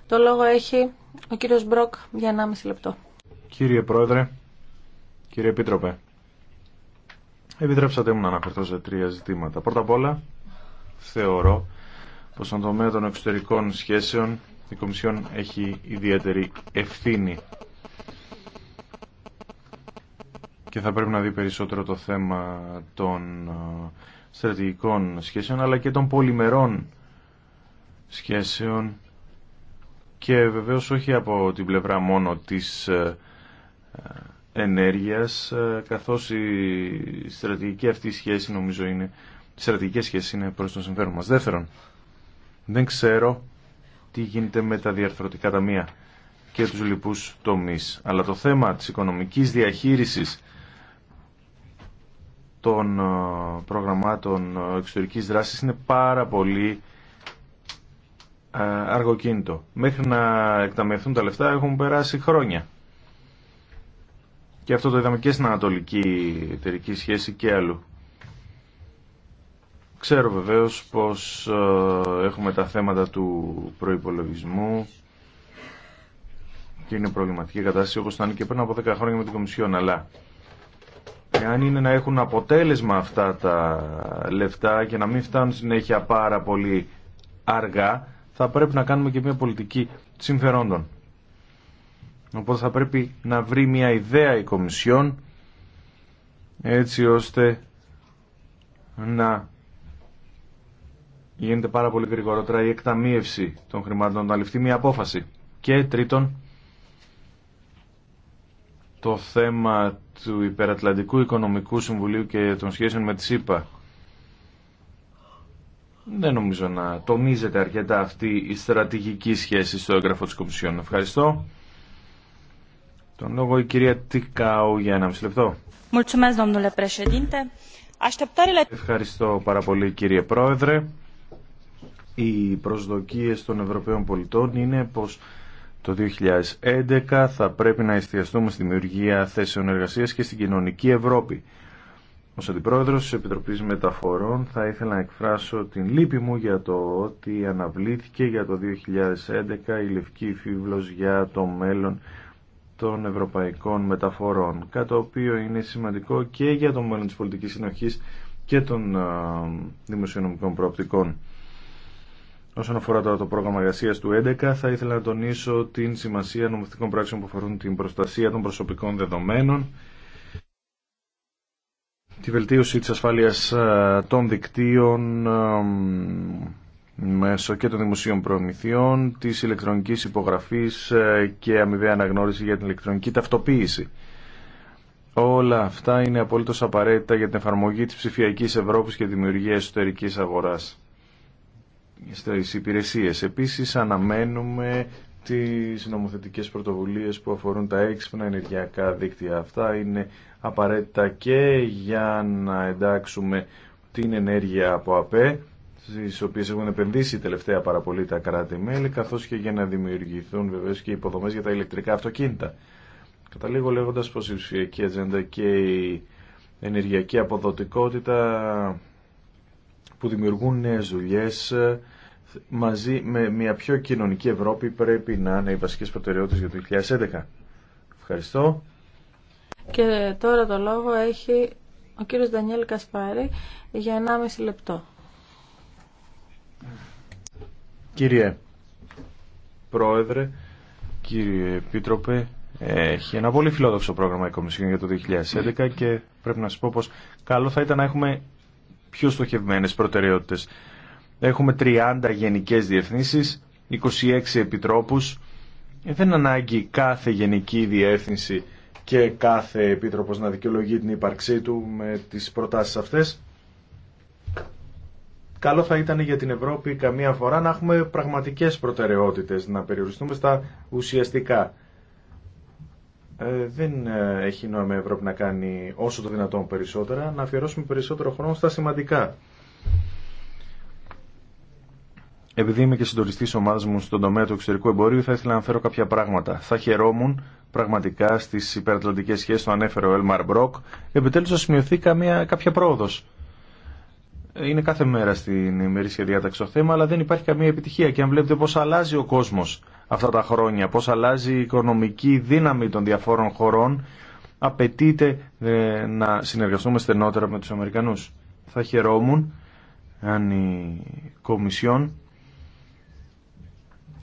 Το λόγο έχει ο κύριος Μπροκ για 1,5 λεπτό. Κύριε Πρόεδρε, κύριε Επίτροπε, επιτρέψατε μου να αναφερθώ σε τρία ζητήματα. Πρώτα απ' όλα, θεωρώ πως στον τομέα των εξωτερικών σχέσεων η Κομισιόν έχει ιδιαίτερη ευθύνη και θα πρέπει να δει περισσότερο το θέμα των ε, στρατηγικών σχέσεων αλλά και των πολυμερών σχέσεων και βεβαίως όχι από την πλευρά μόνο της ε, ε, ενέργειας ε, καθώς η στρατηγική αυτή σχέση νομίζω είναι οι στρατηγικές σχέσεις είναι προς το συμφέρον μας. Δεύτερον, δεν ξέρω τι γίνεται με τα διαρθρωτικά ταμεία και τους λοιπούς τομείς. Αλλά το θέμα της οικονομικής διαχείρισης των προγραμμάτων εξωτερικής δράσης είναι πάρα πολύ αργοκίνητο. Μέχρι να εκταμιευθούν τα λεφτά έχουν περάσει χρόνια. Και αυτό το είδαμε και στην Ανατολική εταιρική σχέση και αλλού. Ξέρω βεβαίως πως ε, έχουμε τα θέματα του προϋπολογισμού και είναι προβληματική κατάσταση όπως ήταν και πριν από 10 χρόνια με την Κομισιόν, αλλά εάν είναι να έχουν αποτέλεσμα αυτά τα λεφτά και να μην φτάνουν συνέχεια πάρα πολύ αργά, θα πρέπει να κάνουμε και μια πολιτική συμφερόντων. Οπότε θα πρέπει να βρει μια ιδέα η Κομισιόν έτσι ώστε να γίνεται πάρα πολύ γρηγορότερα η εκταμείευση των χρημάτων, να ληφθεί μια απόφαση. Και τρίτον, το θέμα του Υπερατλαντικού Οικονομικού Συμβουλίου και των σχέσεων με τη ΣΥΠΑ δεν νομίζω να τονίζεται αρκετά αυτή η στρατηγική σχέση στο έγγραφο της Κομισιόν. Ευχαριστώ. Τον λόγο η κυρία Τικάου για ένα μισή λεπτό. Ευχαριστώ πάρα πολύ κύριε Πρόεδρε. Οι προσδοκίες των Ευρωπαίων πολιτών είναι πως το 2011 θα πρέπει να εστιαστούμε στη δημιουργία θέσεων εργασίας και στην κοινωνική Ευρώπη. Ω αντιπρόεδρο τη Επιτροπής Μεταφορών θα ήθελα να εκφράσω την λύπη μου για το ότι αναβλήθηκε για το 2011 η Λευκή φίβλο για το μέλλον των ευρωπαϊκών μεταφορών, κάτι το οποίο είναι σημαντικό και για το μέλλον της πολιτικής συνοχής και των δημοσιονομικών προοπτικών. Όσον αφορά τώρα το πρόγραμμα εργασία του 2011, θα ήθελα να τονίσω την σημασία νομοθετικών πράξεων που αφορούν την προστασία των προσωπικών δεδομένων, τη βελτίωση της ασφάλειας ε, των δικτύων μέσω και των δημοσίων προμηθειών, της ηλεκτρονικής υπογραφής ε, και αμοιβαία αναγνώριση για την ηλεκτρονική ταυτοποίηση. Όλα αυτά είναι απολύτω απαραίτητα για την εφαρμογή της ψηφιακής Ευρώπης και δημιουργία εσωτερικής αγοράς στις υπηρεσίες. Επίσης αναμένουμε τις νομοθετικές πρωτοβουλίες που αφορούν τα έξυπνα ενεργειακά δίκτυα. Αυτά είναι απαραίτητα και για να εντάξουμε την ενέργεια από ΑΠΕ, στις οποίες έχουν επενδύσει τελευταία πάρα πολύ τα κράτη-μέλη, καθώς και για να δημιουργηθούν βεβαίως και υποδομές για τα ηλεκτρικά αυτοκίνητα. Καταλήγω λέγοντας πως η ψηφιακή ατζέντα και η ενεργειακή αποδοτικότητα που δημιουργούν νέες δουλειές μαζί με μια πιο κοινωνική Ευρώπη πρέπει να είναι οι βασικές προτεραιότητες για το 2011. Ευχαριστώ. Και τώρα το λόγο έχει ο κύριος Δανιέλ Κασπάρη για 1,5 λεπτό. Κύριε Πρόεδρε, κύριε Επίτροπε, έχει ένα πολύ φιλόδοξο πρόγραμμα η Κομισιόν για το 2011 και πρέπει να σας πω πως καλό θα ήταν να έχουμε πιο στοχευμένες προτεραιότητες. Έχουμε 30 γενικές διευθύνσεις, 26 επιτρόπους. Ε, δεν ανάγκη κάθε γενική διεύθυνση και κάθε επίτροπος να δικαιολογεί την ύπαρξή του με τις προτάσεις αυτές. Καλό θα ήταν για την Ευρώπη καμία φορά να έχουμε πραγματικές προτεραιότητες, να περιοριστούμε στα ουσιαστικά. Ε, δεν ε, έχει νόημα η Ευρώπη να κάνει όσο το δυνατόν περισσότερα, να αφιερώσουμε περισσότερο χρόνο στα σημαντικά. Επειδή είμαι και συντονιστή ομάδα μου στον τομέα του εξωτερικού εμπορίου, θα ήθελα να φέρω κάποια πράγματα. Θα χαιρόμουν πραγματικά στι υπερατλαντικέ σχέσει, το ανέφερε ο Έλμαρ Μπροκ, επιτέλου θα σημειωθεί καμία, κάποια πρόοδο. Είναι κάθε μέρα στην ημερήσια διάταξη το θέμα, αλλά δεν υπάρχει καμία επιτυχία. Και αν βλέπετε πώ αλλάζει ο κόσμο αυτά τα χρόνια, πώ αλλάζει η οικονομική δύναμη των διαφόρων χωρών, απαιτείται ε, να συνεργαστούμε στενότερα με του Αμερικανού. Θα χαιρόμουν αν η Κομισιόν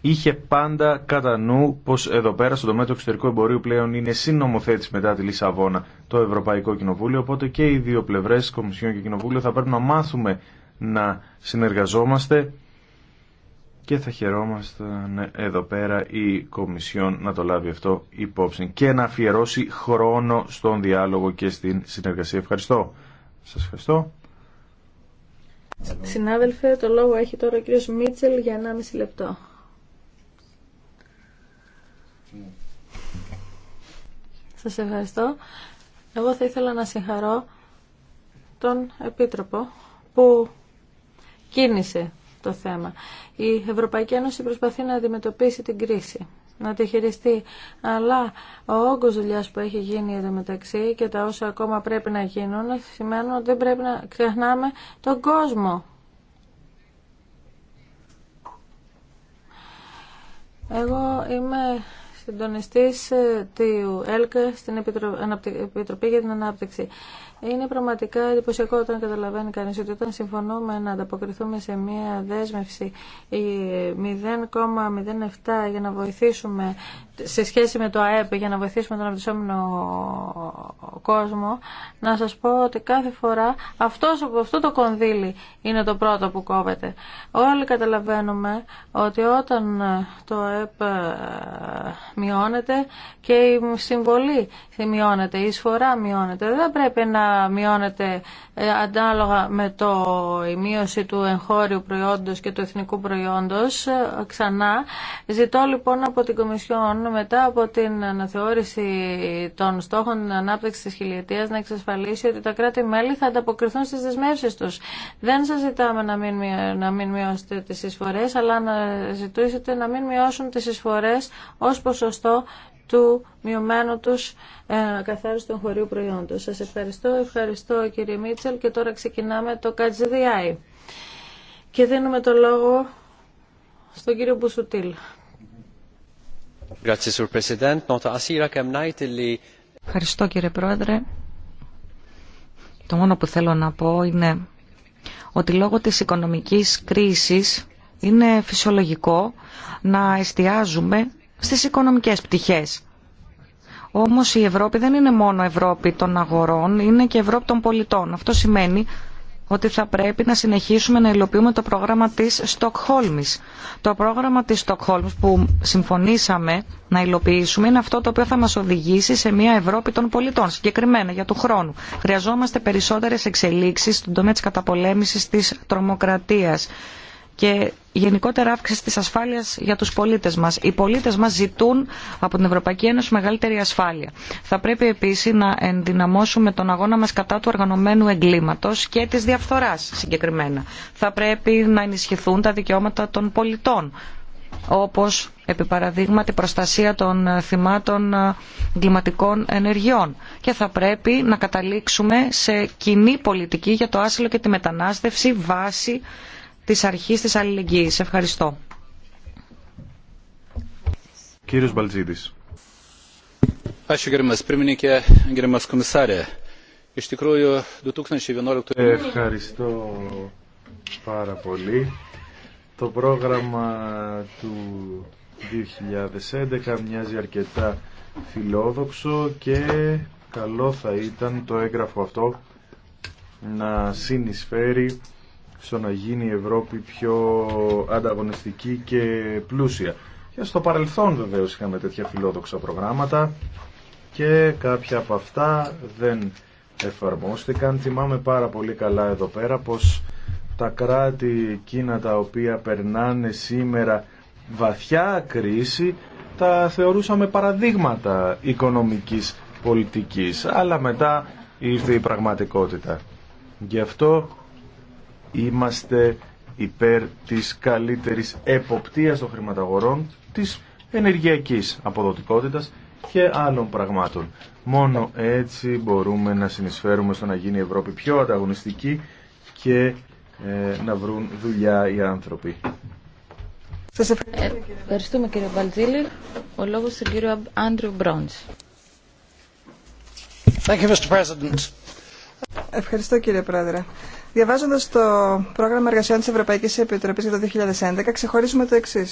είχε πάντα κατά νου πω εδώ πέρα στον τομέα του εξωτερικού εμπορίου πλέον είναι συνομοθέτης μετά τη Λισαβόνα το Ευρωπαϊκό Κοινοβούλιο, οπότε και οι δύο πλευρέ Κομισιόν και Κοινοβούλιο, θα πρέπει να μάθουμε να συνεργαζόμαστε και θα χαιρόμασταν ναι, εδώ πέρα η Κομισιόν να το λάβει αυτό υπόψη και να αφιερώσει χρόνο στον διάλογο και στην συνεργασία. Ευχαριστώ. Σα ευχαριστώ. Συνάδελφε, το λόγο έχει τώρα ο κ. Μίτσελ για 1,5 λεπτό. Σας ευχαριστώ. Εγώ θα ήθελα να συγχαρώ τον Επίτροπο που κίνησε το θέμα. Η Ευρωπαϊκή Ένωση προσπαθεί να αντιμετωπίσει την κρίση να τη χειριστεί. Αλλά ο όγκος δουλειά που έχει γίνει εδώ μεταξύ και τα όσα ακόμα πρέπει να γίνουν σημαίνουν ότι δεν πρέπει να ξεχνάμε τον κόσμο. Εγώ είμαι συντονιστής ε, του ΕΛΚΑ στην Επιτροπή για την Ανάπτυξη. Είναι πραγματικά εντυπωσιακό όταν καταλαβαίνει κανείς ότι όταν συμφωνούμε να ανταποκριθούμε σε μια δέσμευση 0,07 για να βοηθήσουμε σε σχέση με το ΑΕΠ για να βοηθήσουμε τον αναπτυσσόμενο κόσμο, να σας πω ότι κάθε φορά αυτός, αυτό το κονδύλι είναι το πρώτο που κόβεται. Όλοι καταλαβαίνουμε ότι όταν το ΑΕΠ ε, μειώνεται και η συμβολή μειώνεται, η εισφορά μειώνεται, δεν πρέπει να μειώνεται ε, ανάλογα με το, η μείωση του εγχώριου προϊόντος και του εθνικού προϊόντος ε, ξανά. Ζητώ λοιπόν από την Κομισιόν μετά από την αναθεώρηση των στόχων ανάπτυξης τη χιλιετίας να εξασφαλίσει ότι τα κράτη-μέλη θα ανταποκριθούν στις δεσμεύσει τους. Δεν σας ζητάμε να μην, να μειώσετε τις εισφορέ, αλλά να ζητούσετε να μην μειώσουν τις εισφορέ ω ποσοστό του μειωμένου του ε, καθάριστου των χωρίου προϊόντος. Σας ευχαριστώ, ευχαριστώ κύριε Μίτσελ και τώρα ξεκινάμε το Κατζιδιάι. Και δίνουμε το λόγο στον κύριο Μπουσουτήλ. Ευχαριστώ κύριε Πρόεδρε. Το μόνο που θέλω να πω είναι ότι λόγω της οικονομικής κρίσης είναι φυσιολογικό να εστιάζουμε στις οικονομικές πτυχές. Όμως η Ευρώπη δεν είναι μόνο Ευρώπη των αγορών, είναι και Ευρώπη των πολιτών. Αυτό σημαίνει ότι θα πρέπει να συνεχίσουμε να υλοποιούμε το πρόγραμμα της Στοκχόλμης. Το πρόγραμμα της Στοκχόλμης που συμφωνήσαμε να υλοποιήσουμε είναι αυτό το οποίο θα μας οδηγήσει σε μια Ευρώπη των πολιτών, συγκεκριμένα για του χρόνου. Χρειαζόμαστε περισσότερες εξελίξεις στον τομέα της καταπολέμησης της τρομοκρατίας και γενικότερα αύξηση της ασφάλειας για τους πολίτες μας. Οι πολίτες μας ζητούν από την Ευρωπαϊκή Ένωση μεγαλύτερη ασφάλεια. Θα πρέπει επίσης να ενδυναμώσουμε τον αγώνα μας κατά του οργανωμένου εγκλήματος και της διαφθοράς συγκεκριμένα. Θα πρέπει να ενισχυθούν τα δικαιώματα των πολιτών όπως επί παραδείγματι προστασία των θυμάτων εγκληματικών ενεργειών και θα πρέπει να καταλήξουμε σε κοινή πολιτική για το άσυλο και τη μετανάστευση βάση της αρχής της αλληλεγγύης. Ευχαριστώ. Κύριος Μπαλτζίδης. Ευχαριστώ πάρα πολύ. Το πρόγραμμα του 2011 μοιάζει αρκετά φιλόδοξο και καλό θα ήταν το έγγραφο αυτό να συνεισφέρει στο να γίνει η Ευρώπη πιο ανταγωνιστική και πλούσια. Και στο παρελθόν βεβαίως είχαμε τέτοια φιλόδοξα προγράμματα και κάποια από αυτά δεν εφαρμόστηκαν. Θυμάμαι πάρα πολύ καλά εδώ πέρα πως τα κράτη εκείνα τα οποία περνάνε σήμερα βαθιά κρίση τα θεωρούσαμε παραδείγματα οικονομικής πολιτικής αλλά μετά ήρθε η πραγματικότητα. Γι' αυτό είμαστε υπέρ της καλύτερης εποπτείας των χρηματαγορών, της ενεργειακής αποδοτικότητας και άλλων πραγμάτων. Μόνο έτσι μπορούμε να συνεισφέρουμε στο να γίνει η Ευρώπη πιο ανταγωνιστική και ε, να βρουν δουλειά οι άνθρωποι. Σας ευχαριστούμε κύριε, Ο λόγος του κύριο Άντριου Μπρόντς. Ευχαριστώ κύριε Πρόεδρε. Διαβάζοντα το πρόγραμμα εργασιών τη Ευρωπαϊκή Επιτροπή για το 2011, ξεχωρίζουμε το εξή.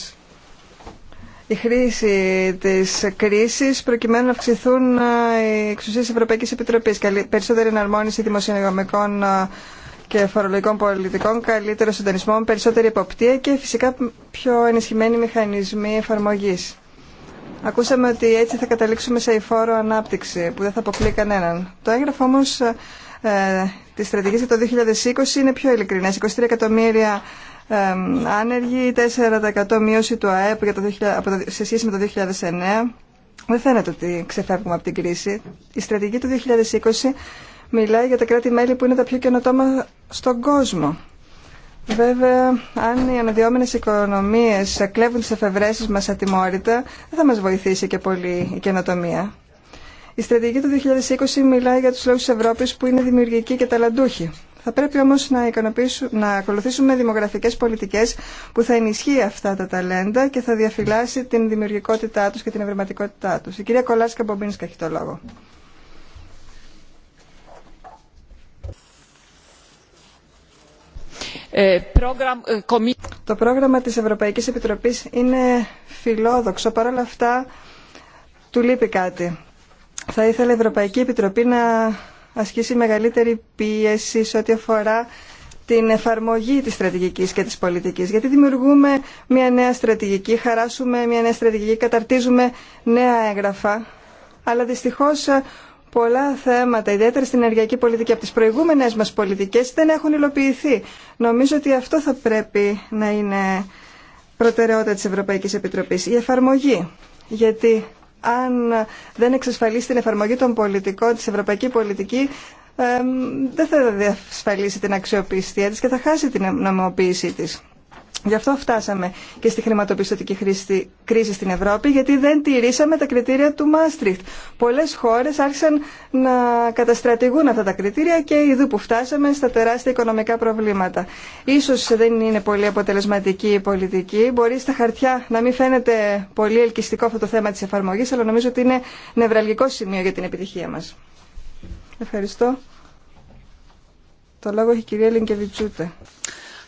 Η χρήση τη κρίση προκειμένου να αυξηθούν ε, οι εξουσίε τη Ευρωπαϊκή Επιτροπή. Περισσότερη εναρμόνιση δημοσιονομικών ε, και φορολογικών πολιτικών, καλύτερο συντονισμό, περισσότερη εποπτεία και φυσικά πιο ενισχυμένοι μηχανισμοί εφαρμογή. Ακούσαμε ότι έτσι θα καταλήξουμε σε υφόρο ανάπτυξη που δεν θα αποκλεί κανέναν. Το έγγραφο όμω ε, ε, της στρατηγική για το 2020 είναι πιο ειλικρινές. 23 εκατομμύρια άνεργοι, 4% μείωση του ΑΕΠ για το 2000, σε σχέση με το 2009. Δεν φαίνεται ότι ξεφεύγουμε από την κρίση. Η στρατηγική του 2020 μιλάει για τα κράτη-μέλη που είναι τα πιο καινοτόμα στον κόσμο. Βέβαια, αν οι αναδυόμενε οικονομίε κλέβουν τι εφευρέσει μα ατιμόρυτα, δεν θα μα βοηθήσει και πολύ η καινοτομία. Η στρατηγική του 2020 μιλάει για τους λόγους της Ευρώπης που είναι δημιουργικοί και ταλαντούχοι. Θα πρέπει όμως να, να ακολουθήσουμε δημογραφικές πολιτικές που θα ενισχύει αυτά τα ταλέντα και θα διαφυλάσει την δημιουργικότητά τους και την ευρηματικότητά τους. Η κυρία Κολάσκα Μπομπίνσκα έχει το λόγο. Ε, ε, το πρόγραμμα της Ευρωπαϊκής Επιτροπής είναι φιλόδοξο. Παρ' αυτά του λείπει κάτι θα ήθελα η Ευρωπαϊκή Επιτροπή να ασκήσει μεγαλύτερη πίεση σε ό,τι αφορά την εφαρμογή της στρατηγικής και της πολιτικής. Γιατί δημιουργούμε μια νέα στρατηγική, χαράσουμε μια νέα στρατηγική, καταρτίζουμε νέα έγγραφα. Αλλά δυστυχώς ε, πολλά θέματα, ιδιαίτερα στην ενεργειακή πολιτική, από τις προηγούμενες μας πολιτικές δεν έχουν υλοποιηθεί. Νομίζω ότι αυτό θα πρέπει να είναι προτεραιότητα της Ευρωπαϊκής Επιτροπής. Η εφαρμογή. Γιατί αν δεν εξασφαλίσει την εφαρμογή των πολιτικών της ευρωπαϊκή πολιτική δεν θα διασφαλίσει την αξιοπιστία της και θα χάσει την νομιμοποίησή της. Γι' αυτό φτάσαμε και στη χρηματοπιστωτική κρίση στην Ευρώπη, γιατί δεν τηρήσαμε τα κριτήρια του Μάστριχτ. Πολλέ χώρε άρχισαν να καταστρατηγούν αυτά τα κριτήρια και ειδού που φτάσαμε στα τεράστια οικονομικά προβλήματα. Ίσως δεν είναι πολύ αποτελεσματική η πολιτική. Μπορεί στα χαρτιά να μην φαίνεται πολύ ελκυστικό αυτό το θέμα τη εφαρμογή, αλλά νομίζω ότι είναι νευραλγικό σημείο για την επιτυχία μα. Ευχαριστώ. Το λόγο έχει η κυρία Λιγκεβιτσούτε.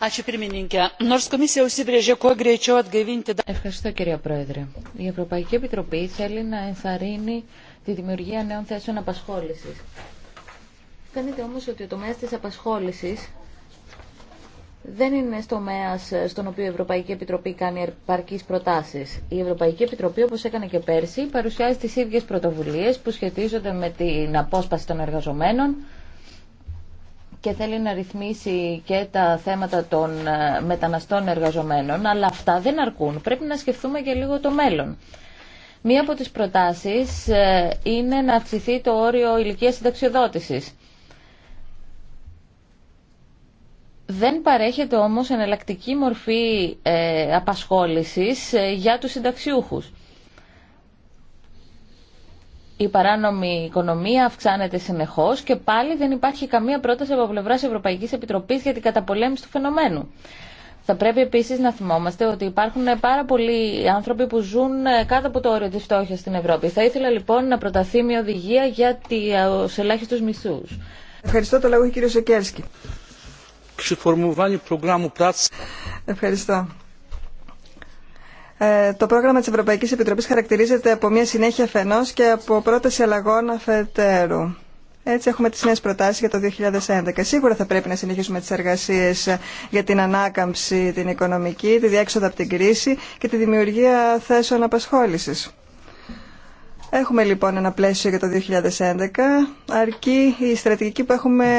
Ευχαριστώ κύριε Πρόεδρε. Η Ευρωπαϊκή Επιτροπή θέλει να ενθαρρύνει τη δημιουργία νέων θέσεων απασχόλησης. Φαίνεται όμως ότι ο τομέας της απασχόλησης δεν είναι στομέα στον οποίο η Ευρωπαϊκή Επιτροπή κάνει επαρκεί προτάσει. Η Ευρωπαϊκή Επιτροπή, όπω έκανε και πέρσι, παρουσιάζει τι ίδιε πρωτοβουλίε που σχετίζονται με την απόσπαση των εργαζομένων και θέλει να ρυθμίσει και τα θέματα των ε, μεταναστών εργαζομένων, αλλά αυτά δεν αρκούν. Πρέπει να σκεφτούμε και λίγο το μέλλον. Μία από τις προτάσεις ε, είναι να αυξηθεί το όριο ηλικίας συνταξιοδότησης. Δεν παρέχεται όμως εναλλακτική μορφή ε, απασχόλησης για τους συνταξιούχους η παράνομη οικονομία αυξάνεται συνεχώς και πάλι δεν υπάρχει καμία πρόταση από πλευρά ευρωπαϊκή Επιτροπή για την καταπολέμηση του φαινομένου. Θα πρέπει επίσης να θυμόμαστε ότι υπάρχουν πάρα πολλοί άνθρωποι που ζουν κάτω από το όριο της φτώχειας στην Ευρώπη. Θα ήθελα λοιπόν να προταθεί μια οδηγία για του ελάχιστου μισθού. Ευχαριστώ το λόγο κύριο Σεκέρσκι. Ευχαριστώ. Ε, το πρόγραμμα της Ευρωπαϊκής Επιτροπής χαρακτηρίζεται από μια συνέχεια φαινός και από πρόταση αλλαγών αφετέρου. Έτσι έχουμε τις νέες προτάσεις για το 2011. Σίγουρα θα πρέπει να συνεχίσουμε τις εργασίες για την ανάκαμψη την οικονομική, τη διέξοδο από την κρίση και τη δημιουργία θέσεων απασχόλησης. Έχουμε λοιπόν ένα πλαίσιο για το 2011, αρκεί η στρατηγική που έχουμε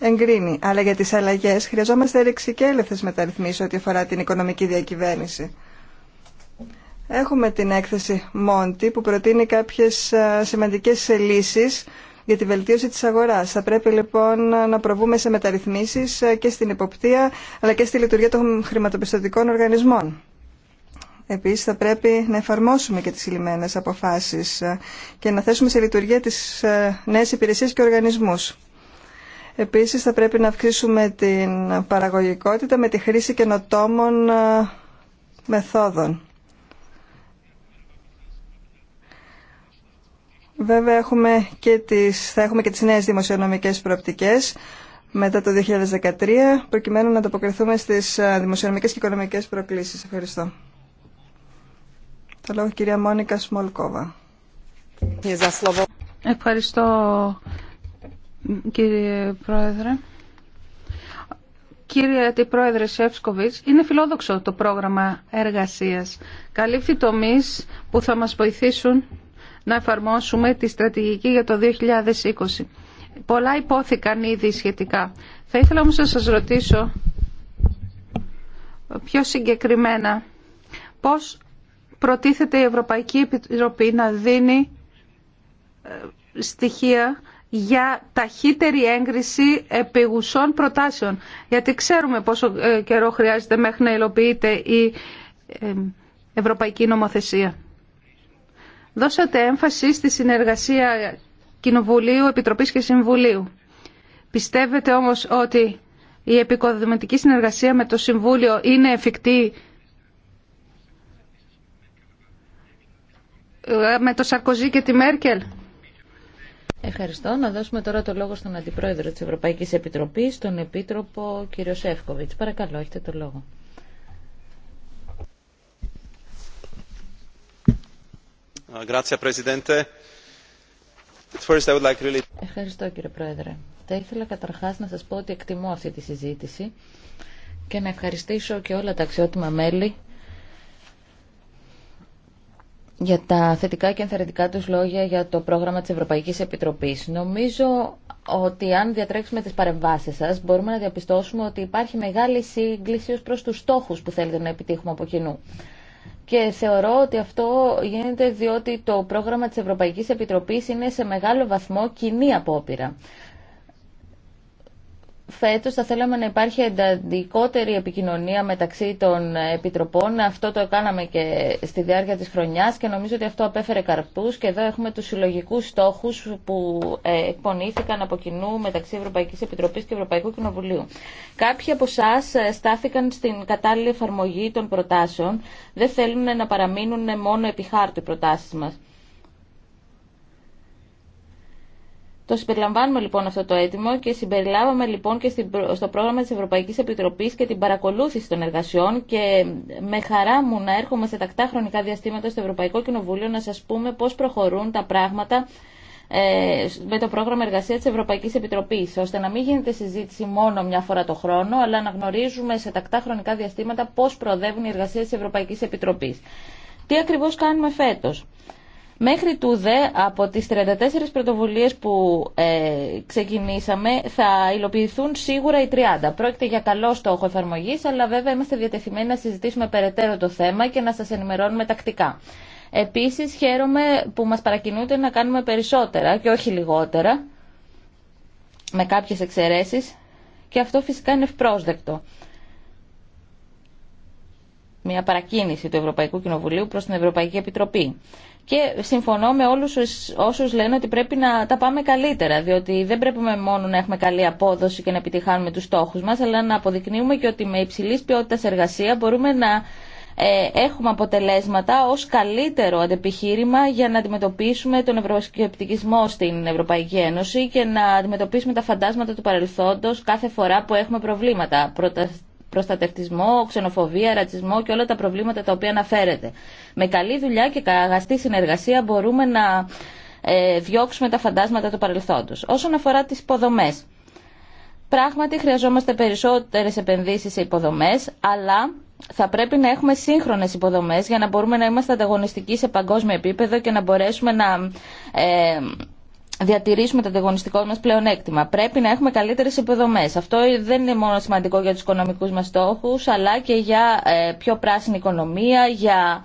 εγκρίνει. Αλλά για τις αλλαγές χρειαζόμαστε ρεξικέλευθες μεταρρυθμίσεις ό,τι αφορά την οικονομική διακυβέρνηση. Έχουμε την έκθεση Μόντι που προτείνει κάποιες ε, σημαντικές λύσεις για τη βελτίωση της αγοράς. Θα πρέπει λοιπόν να προβούμε σε μεταρρυθμίσεις ε, και στην υποπτία αλλά και στη λειτουργία των χρηματοπιστωτικών οργανισμών. Επίσης θα πρέπει να εφαρμόσουμε και τις λιμένες αποφάσεις ε, και να θέσουμε σε λειτουργία τις νέες υπηρεσίες και οργανισμούς. Επίσης θα πρέπει να αυξήσουμε την παραγωγικότητα με τη χρήση καινοτόμων μεθόδων. Βέβαια έχουμε και τις, θα έχουμε και τις νέες δημοσιονομικές προοπτικές μετά το 2013 προκειμένου να ανταποκριθούμε στις ε, δημοσιονομικές και οικονομικές προκλήσεις. Ευχαριστώ. Το λόγο κυρία Μόνικα Σμολκόβα. Ευχαριστώ κύριε Πρόεδρε. Κύριε Πρόεδρε Σεύσκοβιτς, είναι φιλόδοξο το πρόγραμμα εργασίας. Καλύπτει τομείς που θα μας βοηθήσουν να εφαρμόσουμε τη στρατηγική για το 2020. Πολλά υπόθηκαν ήδη σχετικά. Θα ήθελα όμως να σας ρωτήσω πιο συγκεκριμένα πώς προτίθεται η Ευρωπαϊκή Επιτροπή να δίνει ε, στοιχεία για ταχύτερη έγκριση επιγουσών προτάσεων. Γιατί ξέρουμε πόσο ε, καιρό χρειάζεται μέχρι να υλοποιείται η ε, Ευρωπαϊκή Νομοθεσία δώσατε έμφαση στη συνεργασία Κοινοβουλίου, Επιτροπής και Συμβουλίου. Πιστεύετε όμως ότι η επικοδομητική συνεργασία με το Συμβούλιο είναι εφικτή ε, με το Σαρκοζή και τη Μέρκελ. Ευχαριστώ. Να δώσουμε τώρα το λόγο στον Αντιπρόεδρο της Ευρωπαϊκής Επιτροπής, τον Επίτροπο κ. Σεύκοβιτς. Παρακαλώ, έχετε το λόγο. Ευχαριστώ κύριε Πρόεδρε. Θα ήθελα καταρχάς να σας πω ότι εκτιμώ αυτή τη συζήτηση και να ευχαριστήσω και όλα τα αξιότιμα μέλη για τα θετικά και ενθαρρυντικά τους λόγια για το πρόγραμμα της Ευρωπαϊκής Επιτροπής. Νομίζω ότι αν διατρέξουμε τις παρεμβάσεις σας μπορούμε να διαπιστώσουμε ότι υπάρχει μεγάλη σύγκληση ως προς τους στόχους που θέλετε να επιτύχουμε από κοινού και θεωρώ ότι αυτό γίνεται διότι το πρόγραμμα της Ευρωπαϊκής Επιτροπής είναι σε μεγάλο βαθμό κοινή απόπειρα φέτος θα θέλαμε να υπάρχει εντατικότερη επικοινωνία μεταξύ των επιτροπών. Αυτό το κάναμε και στη διάρκεια της χρονιάς και νομίζω ότι αυτό απέφερε καρπούς και εδώ έχουμε τους συλλογικούς στόχους που ε, εκπονήθηκαν από κοινού μεταξύ Ευρωπαϊκής Επιτροπής και Ευρωπαϊκού Κοινοβουλίου. Κάποιοι από εσά ε, στάθηκαν στην κατάλληλη εφαρμογή των προτάσεων. Δεν θέλουν να παραμείνουν μόνο επί χάρτου οι προτάσεις μας. Το συμπεριλαμβάνουμε λοιπόν αυτό το αίτημα και συμπεριλάβαμε λοιπόν και στο πρόγραμμα της Ευρωπαϊκής Επιτροπής και την παρακολούθηση των εργασιών και με χαρά μου να έρχομαι σε τακτά χρονικά διαστήματα στο Ευρωπαϊκό Κοινοβούλιο να σας πούμε πώς προχωρούν τα πράγματα ε, με το πρόγραμμα εργασία τη Ευρωπαϊκή Επιτροπή, ώστε να μην γίνεται συζήτηση μόνο μια φορά το χρόνο, αλλά να γνωρίζουμε σε τακτά χρονικά διαστήματα πώ προοδεύουν οι εργασίε τη Ευρωπαϊκή Επιτροπή. Τι ακριβώ κάνουμε φέτο. Μέχρι τούδε από τις 34 πρωτοβουλίες που ε, ξεκινήσαμε θα υλοποιηθούν σίγουρα οι 30. Πρόκειται για καλό στόχο εφαρμογή, αλλά βέβαια είμαστε διατεθειμένοι να συζητήσουμε περαιτέρω το θέμα και να σας ενημερώνουμε τακτικά. Επίσης χαίρομαι που μας παρακινούνται να κάνουμε περισσότερα και όχι λιγότερα, με κάποιες εξαιρέσεις, και αυτό φυσικά είναι ευπρόσδεκτο μια παρακίνηση του Ευρωπαϊκού Κοινοβουλίου προς την Ευρωπαϊκή Επιτροπή. Και συμφωνώ με όλους όσους λένε ότι πρέπει να τα πάμε καλύτερα, διότι δεν πρέπει μόνο να έχουμε καλή απόδοση και να επιτυχάνουμε τους στόχους μας, αλλά να αποδεικνύουμε και ότι με υψηλή ποιότητας εργασία μπορούμε να ε, έχουμε αποτελέσματα ως καλύτερο αντεπιχείρημα για να αντιμετωπίσουμε τον ευρωσκεπτικισμό στην Ευρωπαϊκή Ένωση και να αντιμετωπίσουμε τα φαντάσματα του παρελθόντος κάθε φορά που έχουμε προβλήματα προστατευτισμό, ξενοφοβία, ρατσισμό και όλα τα προβλήματα τα οποία αναφέρεται. Με καλή δουλειά και καγαστή συνεργασία μπορούμε να ε, διώξουμε τα φαντάσματα του παρελθόντος. Όσον αφορά τις υποδομές, πράγματι χρειαζόμαστε περισσότερες επενδύσεις σε υποδομές, αλλά θα πρέπει να έχουμε σύγχρονε υποδομέ για να μπορούμε να είμαστε ανταγωνιστικοί σε παγκόσμιο επίπεδο και να μπορέσουμε να ε, διατηρήσουμε το ανταγωνιστικό μα πλεονέκτημα. Πρέπει να έχουμε καλύτερε υποδομέ. Αυτό δεν είναι μόνο σημαντικό για του οικονομικού μας στόχους, αλλά και για ε, πιο πράσινη οικονομία, για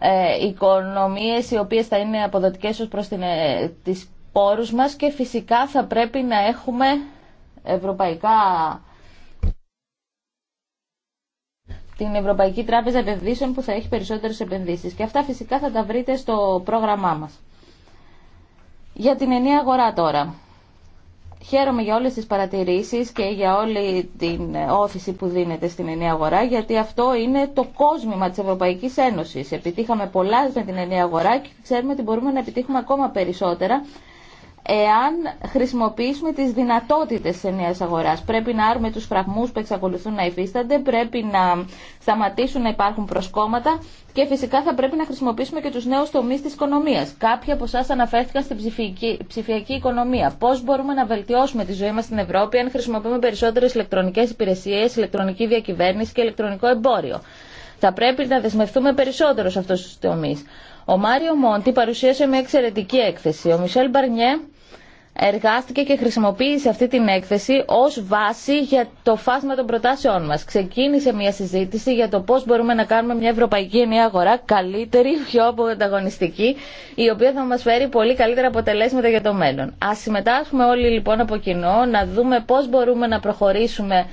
ε, οικονομίε οι οποίε θα είναι αποδοτικέ ω προ τι ε, τις πόρους μας και φυσικά θα πρέπει να έχουμε ευρωπαϊκά την Ευρωπαϊκή Τράπεζα Επενδύσεων που θα έχει περισσότερες επενδύσεις. Και αυτά φυσικά θα τα βρείτε στο πρόγραμμά μας. Για την ενία αγορά τώρα. Χαίρομαι για όλες τις παρατηρήσεις και για όλη την όθηση που δίνεται στην ενία αγορά, γιατί αυτό είναι το κόσμημα της Ευρωπαϊκής Ένωσης. Επιτύχαμε πολλά με την ενία αγορά και ξέρουμε ότι μπορούμε να επιτύχουμε ακόμα περισσότερα εάν χρησιμοποιήσουμε τις δυνατότητες της ενιαίας αγοράς. Πρέπει να άρουμε τους φραγμούς που εξακολουθούν να υφίστανται, πρέπει να σταματήσουν να υπάρχουν προσκόμματα και φυσικά θα πρέπει να χρησιμοποιήσουμε και τους νέους τομείς της οικονομίας. Κάποιοι από εσά αναφέρθηκαν στην ψηφιακή, ψηφιακή οικονομία. Πώς μπορούμε να βελτιώσουμε τη ζωή μας στην Ευρώπη αν χρησιμοποιούμε περισσότερες ηλεκτρονικές υπηρεσίες, ηλεκτρονική διακυβέρνηση και ηλεκτρονικό εμπόριο. Θα πρέπει να δεσμευτούμε περισσότερο σε αυτούς τους τομείς. Ο Μάριο Μόντι παρουσίασε μια εξαιρετική έκθεση. Ο Μισελ Μπαρνιέ εργάστηκε και χρησιμοποίησε αυτή την έκθεση ως βάση για το φάσμα των προτάσεών μας. Ξεκίνησε μια συζήτηση για το πώς μπορούμε να κάνουμε μια ευρωπαϊκή ενιαία αγορά καλύτερη, πιο ανταγωνιστική, η οποία θα μας φέρει πολύ καλύτερα αποτελέσματα για το μέλλον. Ας συμμετάσχουμε όλοι λοιπόν από κοινό, να δούμε πώς μπορούμε να προχωρήσουμε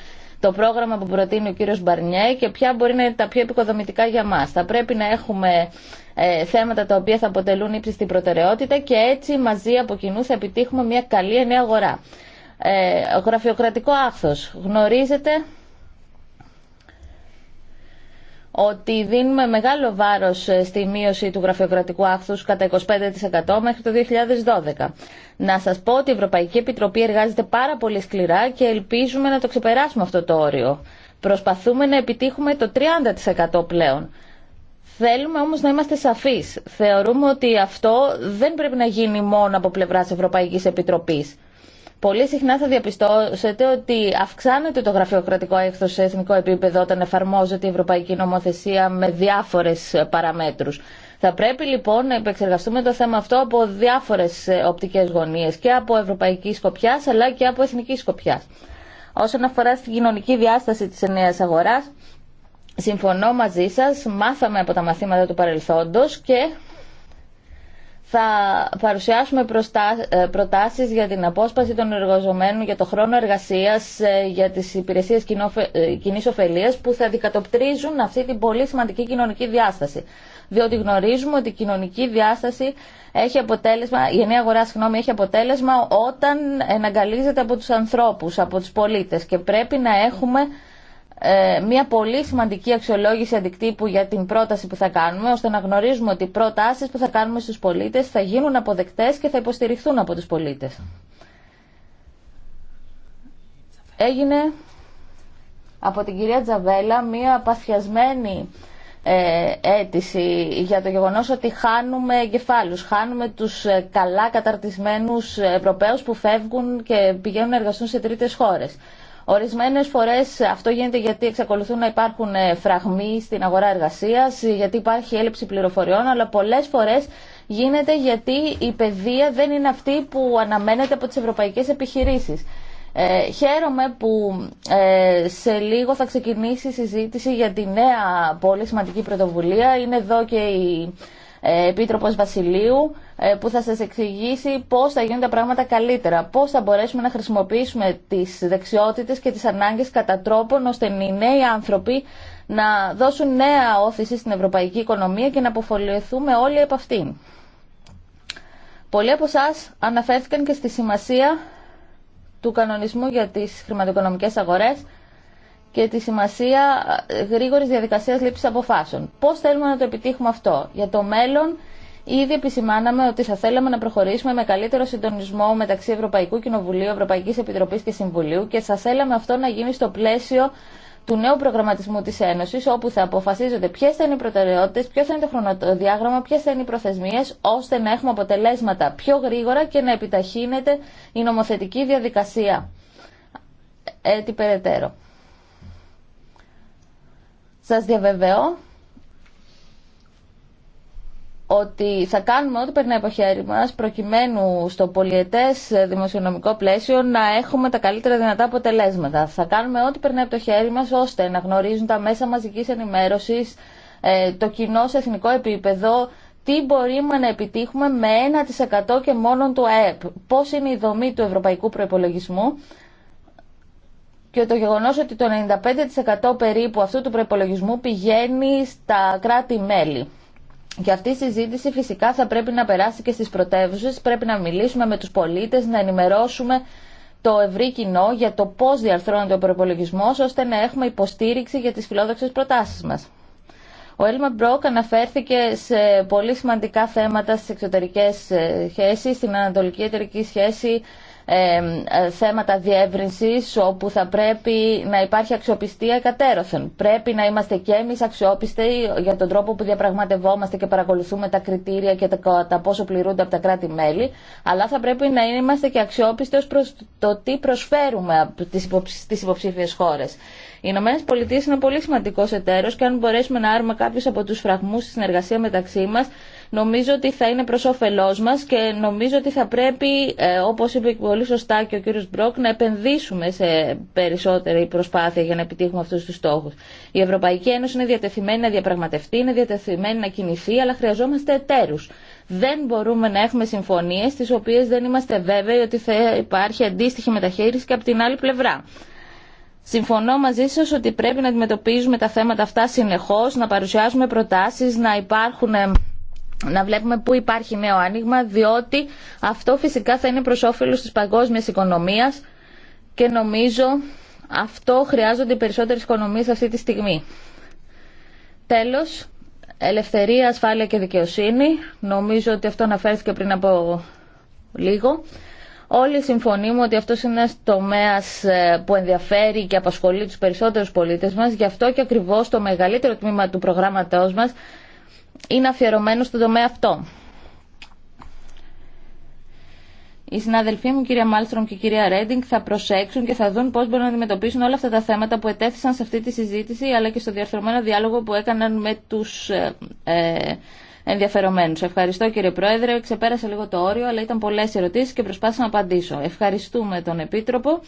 το πρόγραμμα που προτείνει ο κύριος Μπαρνιέ και ποια μπορεί να είναι τα πιο επικοδομητικά για μας. Θα πρέπει να έχουμε ε, θέματα τα οποία θα αποτελούν ύψιστη προτεραιότητα και έτσι μαζί από κοινού θα επιτύχουμε μια καλή νέα αγορά. Ε, γραφειοκρατικό άχθος. Γνωρίζετε ότι δίνουμε μεγάλο βάρος ε, στη μείωση του γραφειοκρατικού άχθους κατά 25% μέχρι το 2012. Να σας πω ότι η Ευρωπαϊκή Επιτροπή εργάζεται πάρα πολύ σκληρά και ελπίζουμε να το ξεπεράσουμε αυτό το όριο. Προσπαθούμε να επιτύχουμε το 30% πλέον. Θέλουμε όμως να είμαστε σαφείς. Θεωρούμε ότι αυτό δεν πρέπει να γίνει μόνο από πλευράς Ευρωπαϊκής Επιτροπής. Πολύ συχνά θα διαπιστώσετε ότι αυξάνεται το γραφειοκρατικό έκθος σε εθνικό επίπεδο όταν εφαρμόζεται η ευρωπαϊκή νομοθεσία με διάφορες παραμέτρους. Θα πρέπει λοιπόν να επεξεργαστούμε το θέμα αυτό από διάφορες οπτικές γωνίες και από ευρωπαϊκή σκοπιά αλλά και από εθνική σκοπιά. Όσον αφορά στην κοινωνική διάσταση της νέας αγοράς, συμφωνώ μαζί σας, μάθαμε από τα μαθήματα του παρελθόντος και θα παρουσιάσουμε ε, προτάσεις για την απόσπαση των εργαζομένων, για το χρόνο εργασίας, ε, για τις υπηρεσίες ε, κοινή ωφελία που θα δικατοπτρίζουν αυτή την πολύ σημαντική κοινωνική διάσταση. Διότι γνωρίζουμε ότι η κοινωνική διάσταση έχει αποτέλεσμα, η ενιαία αγορά συγγνώμη, έχει αποτέλεσμα όταν εναγκαλίζεται από τους ανθρώπους, από τους πολίτες και πρέπει να έχουμε ε, μια πολύ σημαντική αξιολόγηση αντικτύπου για την πρόταση που θα κάνουμε, ώστε να γνωρίζουμε ότι οι προτάσει που θα κάνουμε στους πολίτες θα γίνουν αποδεκτές και θα υποστηριχθούν από τους πολίτες. Έγινε από την κυρία Τζαβέλα μια παθιασμένη ε, αίτηση για το γεγονός ότι χάνουμε εγκεφάλους, χάνουμε τους ε, καλά καταρτισμένους ε, Ευρωπαίους που φεύγουν και πηγαίνουν να εργαστούν σε τρίτες χώρες. Ορισμένες φορές αυτό γίνεται γιατί εξακολουθούν να υπάρχουν ε, φραγμοί στην αγορά εργασίας, γιατί υπάρχει έλλειψη πληροφοριών, αλλά πολλές φορές γίνεται γιατί η παιδεία δεν είναι αυτή που αναμένεται από τις ευρωπαϊκές επιχειρήσεις. Ε, χαίρομαι που ε, σε λίγο θα ξεκινήσει η συζήτηση για τη νέα πολύ σημαντική πρωτοβουλία. Είναι εδώ και η ε, Επίτροπος Βασιλείου ε, που θα σας εξηγήσει πώς θα γίνουν τα πράγματα καλύτερα, πώς θα μπορέσουμε να χρησιμοποιήσουμε τις δεξιότητες και τις ανάγκες κατά τρόπον ώστε οι νέοι άνθρωποι να δώσουν νέα όθηση στην ευρωπαϊκή οικονομία και να αποφοληθούμε όλοι από αυτήν. Πολλοί από εσά αναφέρθηκαν και στη σημασία του κανονισμού για τις χρηματοοικονομικές αγορές και τη σημασία ε, γρήγορης διαδικασίας λήψης αποφάσεων. Πώς θέλουμε να το επιτύχουμε αυτό. Για το μέλλον ήδη επισημάναμε ότι θα θέλαμε να προχωρήσουμε με καλύτερο συντονισμό μεταξύ Ευρωπαϊκού Κοινοβουλίου, Ευρωπαϊκής Επιτροπής και Συμβουλίου και θα θέλαμε αυτό να γίνει στο πλαίσιο του νέου προγραμματισμού τη Ένωση, όπου θα αποφασίζονται ποιε θα είναι οι προτεραιότητε, ποιο θα είναι το χρονοδιάγραμμα, ποιε θα είναι οι προθεσμίε, ώστε να έχουμε αποτελέσματα πιο γρήγορα και να επιταχύνεται η νομοθετική διαδικασία. Έτσι ε, περαιτέρω. Σας διαβεβαιώ ότι θα κάνουμε ό,τι περνάει από χέρι μας προκειμένου στο πολιετές δημοσιονομικό πλαίσιο να έχουμε τα καλύτερα δυνατά αποτελέσματα. Θα κάνουμε ό,τι περνάει από το χέρι μας ώστε να γνωρίζουν τα μέσα μαζικής ενημέρωσης, ε, το κοινό σε εθνικό επίπεδο, τι μπορούμε να επιτύχουμε με 1% και μόνο του ΑΕΠ. Πώς είναι η δομή του ευρωπαϊκού προϋπολογισμού και το γεγονό ότι το 95% περίπου αυτού του προπολογισμού πηγαίνει στα κράτη-μέλη. Και αυτή η συζήτηση φυσικά θα πρέπει να περάσει και στις πρωτεύουσε. πρέπει να μιλήσουμε με τους πολίτες, να ενημερώσουμε το ευρύ κοινό για το πώς διαρθρώνεται ο προπολογισμό ώστε να έχουμε υποστήριξη για τις φιλόδοξε προτάσει μα. Ο Έλμα Μπρόκ αναφέρθηκε σε πολύ σημαντικά θέματα στι εξωτερικέ ε, σχέσει, στην ανατολική εταιρική σχέση, ε, θέματα διεύρυνσης όπου θα πρέπει να υπάρχει αξιοπιστία κατέρωθεν. Πρέπει να είμαστε και εμείς αξιόπιστοι για τον τρόπο που διαπραγματευόμαστε και παρακολουθούμε τα κριτήρια και τα πόσο πληρούνται από τα κράτη-μέλη, αλλά θα πρέπει να είμαστε και αξιόπιστοι ως προς το τι προσφέρουμε στις υποψήφιες χώρες. Οι Ηνωμένε Πολιτείε είναι πολύ σημαντικό εταίρο και αν μπορέσουμε να άρουμε κάποιου από του φραγμού στη συνεργασία μεταξύ μα, νομίζω ότι θα είναι προ όφελό μα και νομίζω ότι θα πρέπει, ε, όπω είπε πολύ σωστά και ο κύριο Μπρόκ, να επενδύσουμε σε περισσότερη προσπάθεια για να επιτύχουμε αυτού του στόχου. Η Ευρωπαϊκή Ένωση είναι διατεθειμένη να διαπραγματευτεί, είναι διατεθειμένη να κινηθεί, αλλά χρειαζόμαστε εταίρου. Δεν μπορούμε να έχουμε συμφωνίε τι οποίε δεν είμαστε βέβαιοι ότι θα υπάρχει αντίστοιχη μεταχείριση και από την άλλη πλευρά. Συμφωνώ μαζί σας ότι πρέπει να αντιμετωπίζουμε τα θέματα αυτά συνεχώς, να παρουσιάζουμε προτάσεις, να υπάρχουν ε, να βλέπουμε πού υπάρχει νέο άνοιγμα, διότι αυτό φυσικά θα είναι προς όφελος της παγκόσμιας οικονομίας και νομίζω αυτό χρειάζονται οι περισσότερες οικονομίες αυτή τη στιγμή. Τέλος, ελευθερία, ασφάλεια και δικαιοσύνη. Νομίζω ότι αυτό αναφέρθηκε πριν από λίγο. Όλοι συμφωνούμε ότι αυτό είναι ένα τομέα ε, που ενδιαφέρει και απασχολεί του περισσότερου πολίτε μα. Γι' αυτό και ακριβώ το μεγαλύτερο τμήμα του προγράμματό μα είναι αφιερωμένο στον τομέα αυτό. Οι συναδελφοί μου, κυρία Μάλστρομ και κυρία Ρέντινγκ, θα προσέξουν και θα δουν πώ μπορούν να αντιμετωπίσουν όλα αυτά τα θέματα που ετέθησαν σε αυτή τη συζήτηση, αλλά και στο διαρθρωμένο διάλογο που έκαναν με του ε, ε ενδιαφερομένου. Ευχαριστώ κύριε Πρόεδρε. Ξεπέρασα λίγο το όριο, αλλά ήταν πολλέ ερωτήσει και προσπάθησα να απαντήσω. Ευχαριστούμε τον Επίτροπο.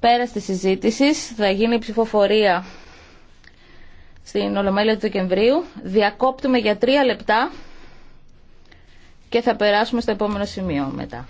Πέρα τη συζήτηση θα γίνει ψηφοφορία στην Ολομέλεια του Δεκεμβρίου. Διακόπτουμε για τρία λεπτά και θα περάσουμε στο επόμενο σημείο μετά.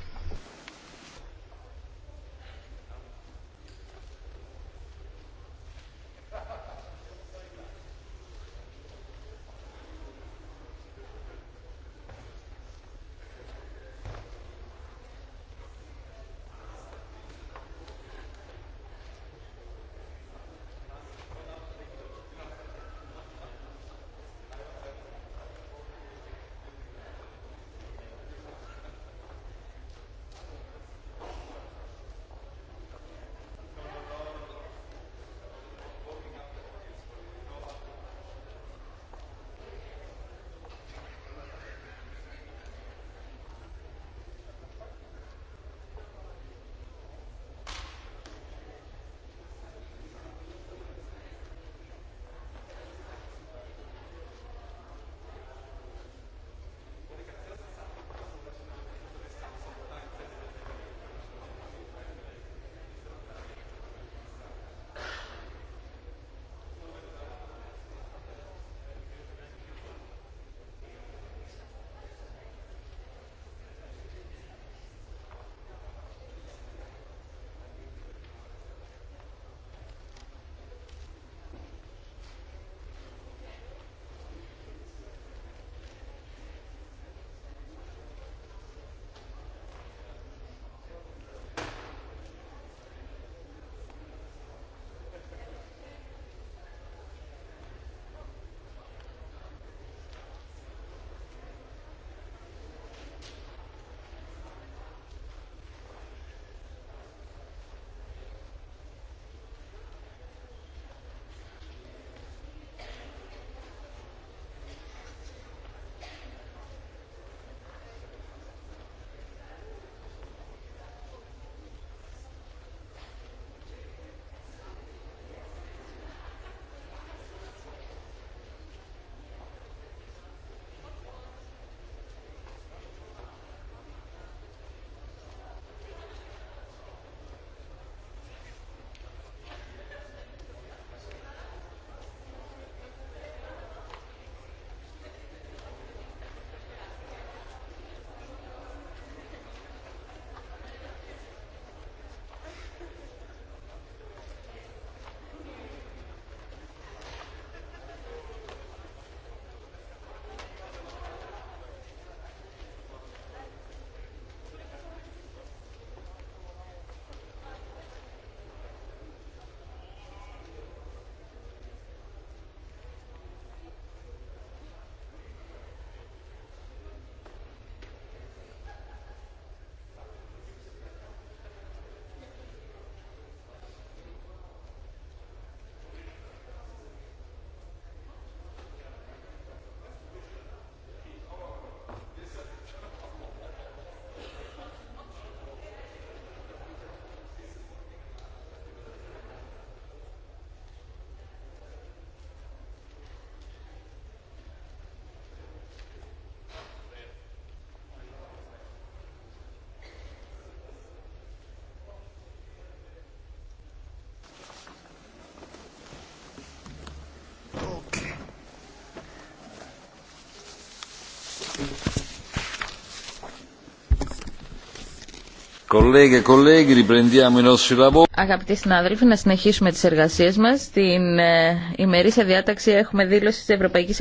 Αγαπητοί συνάδελφοι, να συνεχίσουμε τις εργασίες μας. Στην ε, ημερήσια διάταξη έχουμε δήλωση της Ευρωπαϊκής